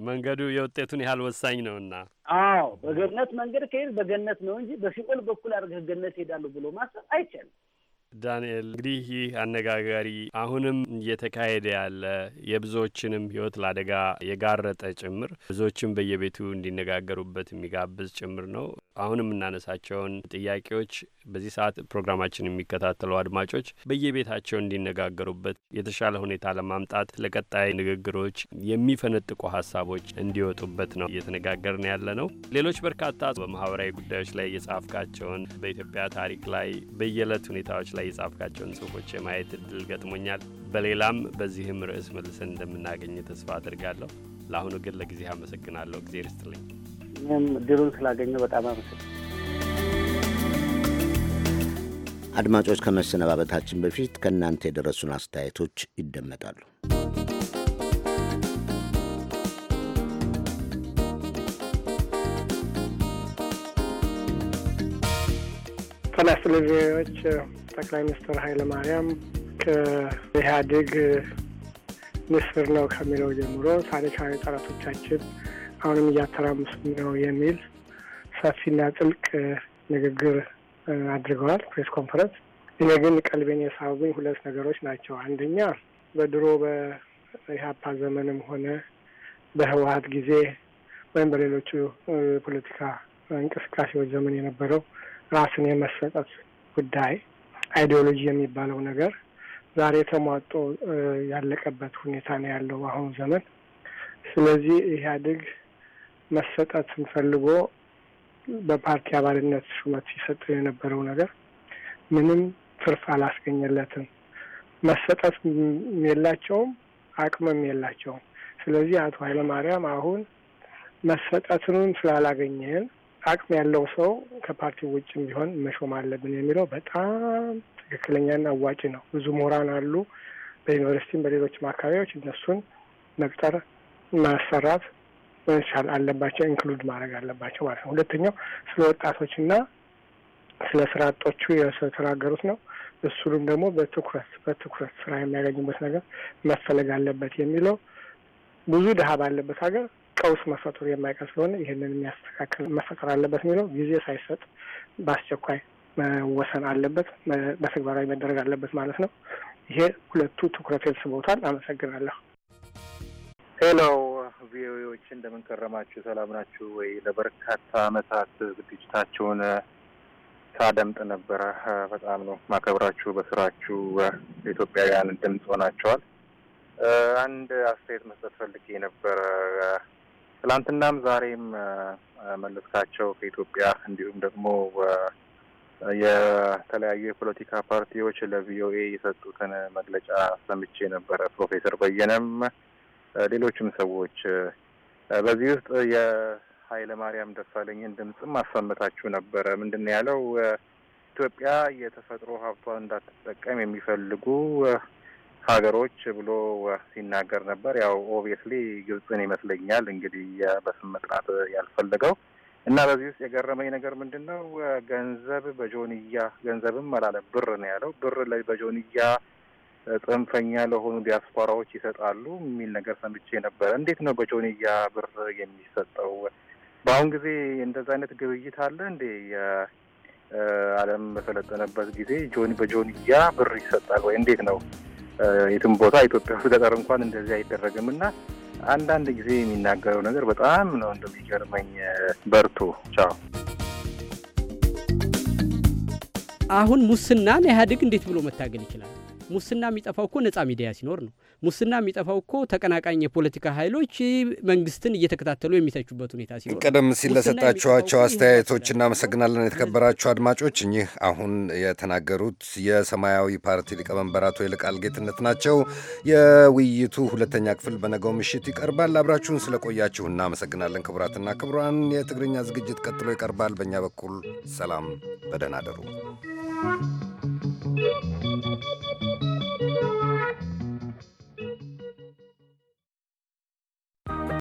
መንገዱ የውጤቱን ያህል ወሳኝ ነውና። አዎ በገነት መንገድ ከሄድ በገነት ነው እንጂ በሲኦል በኩል አድርገህ ገነት ሄዳለሁ ብሎ ማሰብ አይቻልም። ዳንኤል እንግዲህ ይህ አነጋጋሪ አሁንም እየተካሄደ ያለ የብዙዎችንም ህይወት ለአደጋ የጋረጠ ጭምር ብዙዎችም በየቤቱ እንዲነጋገሩበት የሚጋብዝ ጭምር ነው። አሁንም የምናነሳቸውን ጥያቄዎች በዚህ ሰዓት ፕሮግራማችን የሚከታተሉ አድማጮች በየቤታቸው እንዲነጋገሩበት የተሻለ ሁኔታ ለማምጣት ለቀጣይ ንግግሮች የሚፈነጥቁ ሀሳቦች እንዲወጡበት ነው እየተነጋገርን ያለ ነው። ሌሎች በርካታ በማህበራዊ ጉዳዮች ላይ የጻፍካቸውን በኢትዮጵያ ታሪክ ላይ በየዕለት ሁኔታዎች ላይ የጻፍካቸውን ጽሁፎች የማየት እድል ገጥሞኛል። በሌላም በዚህም ርዕስ መልሰን እንደምናገኝ ተስፋ አድርጋለሁ። ለአሁኑ ግን ለጊዜ አመሰግናለሁ። እግዜር ይስጥልኝ። ይህም እድሉን ስላገኘው በጣም አመሰግናለሁ። አድማጮች ከመሰነባበታችን በፊት ከእናንተ የደረሱን አስተያየቶች ይደመጣሉ። ሰላም ጠቅላይ ሚኒስትር ኃይለማርያም ከኢህአዴግ ምስር ነው ከሚለው ጀምሮ ታሪካዊ ጠረቶቻችን አሁንም እያተራምሱ ነው የሚል ሰፊና ጥልቅ ንግግር አድርገዋል፣ ፕሬስ ኮንፈረንስ። እኔ ግን ቀልቤን የሳቡኝ ሁለት ነገሮች ናቸው። አንደኛ በድሮ በኢህአፓ ዘመንም ሆነ በህወሀት ጊዜ ወይም በሌሎቹ ፖለቲካ እንቅስቃሴዎች ዘመን የነበረው ራስን የመሰጠት ጉዳይ አይዲዮሎጂ የሚባለው ነገር ዛሬ ተሟጦ ያለቀበት ሁኔታ ነው ያለው በአሁኑ ዘመን። ስለዚህ ኢህአዴግ መሰጠትን ፈልጎ በፓርቲ አባልነት ሹመት ሲሰጠው የነበረው ነገር ምንም ትርፍ አላስገኘለትም። መሰጠት የላቸውም፣ አቅምም የላቸውም። ስለዚህ አቶ ኃይለማርያም አሁን መሰጠትኑን ስላላገኘን አቅም ያለው ሰው ከፓርቲው ውጭም ቢሆን መሾም አለብን የሚለው በጣም ትክክለኛና አዋጭ ነው። ብዙ ምሁራን አሉ በዩኒቨርሲቲም በሌሎችም አካባቢዎች እነሱን መቅጠር፣ ማሰራት መቻል አለባቸው። ኢንክሉድ ማድረግ አለባቸው ማለት ነው። ሁለተኛው ስለ ወጣቶችና ስለ ስራ አጦቹ የተናገሩት ነው። እሱንም ደግሞ በትኩረት በትኩረት ስራ የሚያገኙበት ነገር መፈለግ አለበት የሚለው ብዙ ድሀ ባለበት ሀገር ቀውስ መፈጠሩ የማይቀር ስለሆነ ይህንን የሚያስተካክል መፈጠር አለበት የሚለው ጊዜ ሳይሰጥ በአስቸኳይ መወሰን አለበት፣ በተግባራዊ መደረግ አለበት ማለት ነው። ይሄ ሁለቱ ትኩረት ስቦታል። አመሰግናለሁ። ሄሎ ቪኦኤዎች እንደምን ከረማችሁ? ሰላም ናችሁ ወይ? ለበርካታ አመታት ዝግጅታችሁን ሳደምጥ ነበረ። በጣም ነው ማከብራችሁ። በስራችሁ ኢትዮጵያውያን ድምጽ ሆናቸዋል። አንድ አስተያየት መስጠት ፈልጌ ነበረ። ትላንትናም ዛሬም መለስካቸው ከኢትዮጵያ እንዲሁም ደግሞ የተለያዩ የፖለቲካ ፓርቲዎች ለቪኦኤ የሰጡትን መግለጫ ሰምቼ ነበረ። ፕሮፌሰር በየነም ሌሎችም ሰዎች በዚህ ውስጥ የኃይለ ማርያም ደሳለኝን ድምፅም አሰምታችሁ ነበረ። ምንድን ነው ያለው? ኢትዮጵያ የተፈጥሮ ሀብቷን እንዳትጠቀም የሚፈልጉ ሀገሮች ብሎ ሲናገር ነበር። ያው ኦብቪየስሊ ግብፅን ይመስለኛል እንግዲህ በስም መጥራት ያልፈለገው እና በዚህ ውስጥ የገረመኝ ነገር ምንድን ነው? ገንዘብ በጆንያ ገንዘብም አላለም ብር ነው ያለው። ብር በጆንያ ጽንፈኛ ለሆኑ ዲያስፖራዎች ይሰጣሉ የሚል ነገር ሰምቼ ነበር። እንዴት ነው በጆንያ ብር የሚሰጠው? በአሁን ጊዜ እንደዛ አይነት ግብይት አለ እንዴ? የዓለም በሰለጠነበት ጊዜ ጆን በጆንያ ብር ይሰጣል ወይ? እንዴት ነው? የትም ቦታ ኢትዮጵያ ውስጥ ገጠር እንኳን እንደዚህ አይደረግም እና አንዳንድ ጊዜ የሚናገረው ነገር በጣም ነው እንደሚገርመኝ። በርቱ ቻው። አሁን ሙስናን ኢህአዴግ እንዴት ብሎ መታገል ይችላል? ሙስና የሚጠፋው እኮ ነጻ ሚዲያ ሲኖር ነው። ሙስና የሚጠፋው እኮ ተቀናቃኝ የፖለቲካ ኃይሎች መንግስትን እየተከታተሉ የሚተቹበት ሁኔታ ሲኖር። ቀደም ሲል ለሰጣችኋቸው አስተያየቶች እናመሰግናለን። የተከበራችሁ አድማጮች፣ እኚህ አሁን የተናገሩት የሰማያዊ ፓርቲ ሊቀመንበር አቶ ይልቃል ጌትነት ናቸው። የውይይቱ ሁለተኛ ክፍል በነገው ምሽት ይቀርባል። አብራችሁን ስለቆያችሁ እናመሰግናለን። ክቡራትና ክቡራን፣ የትግርኛ ዝግጅት ቀጥሎ ይቀርባል። በእኛ በኩል ሰላም፣ በደህና አደሩ።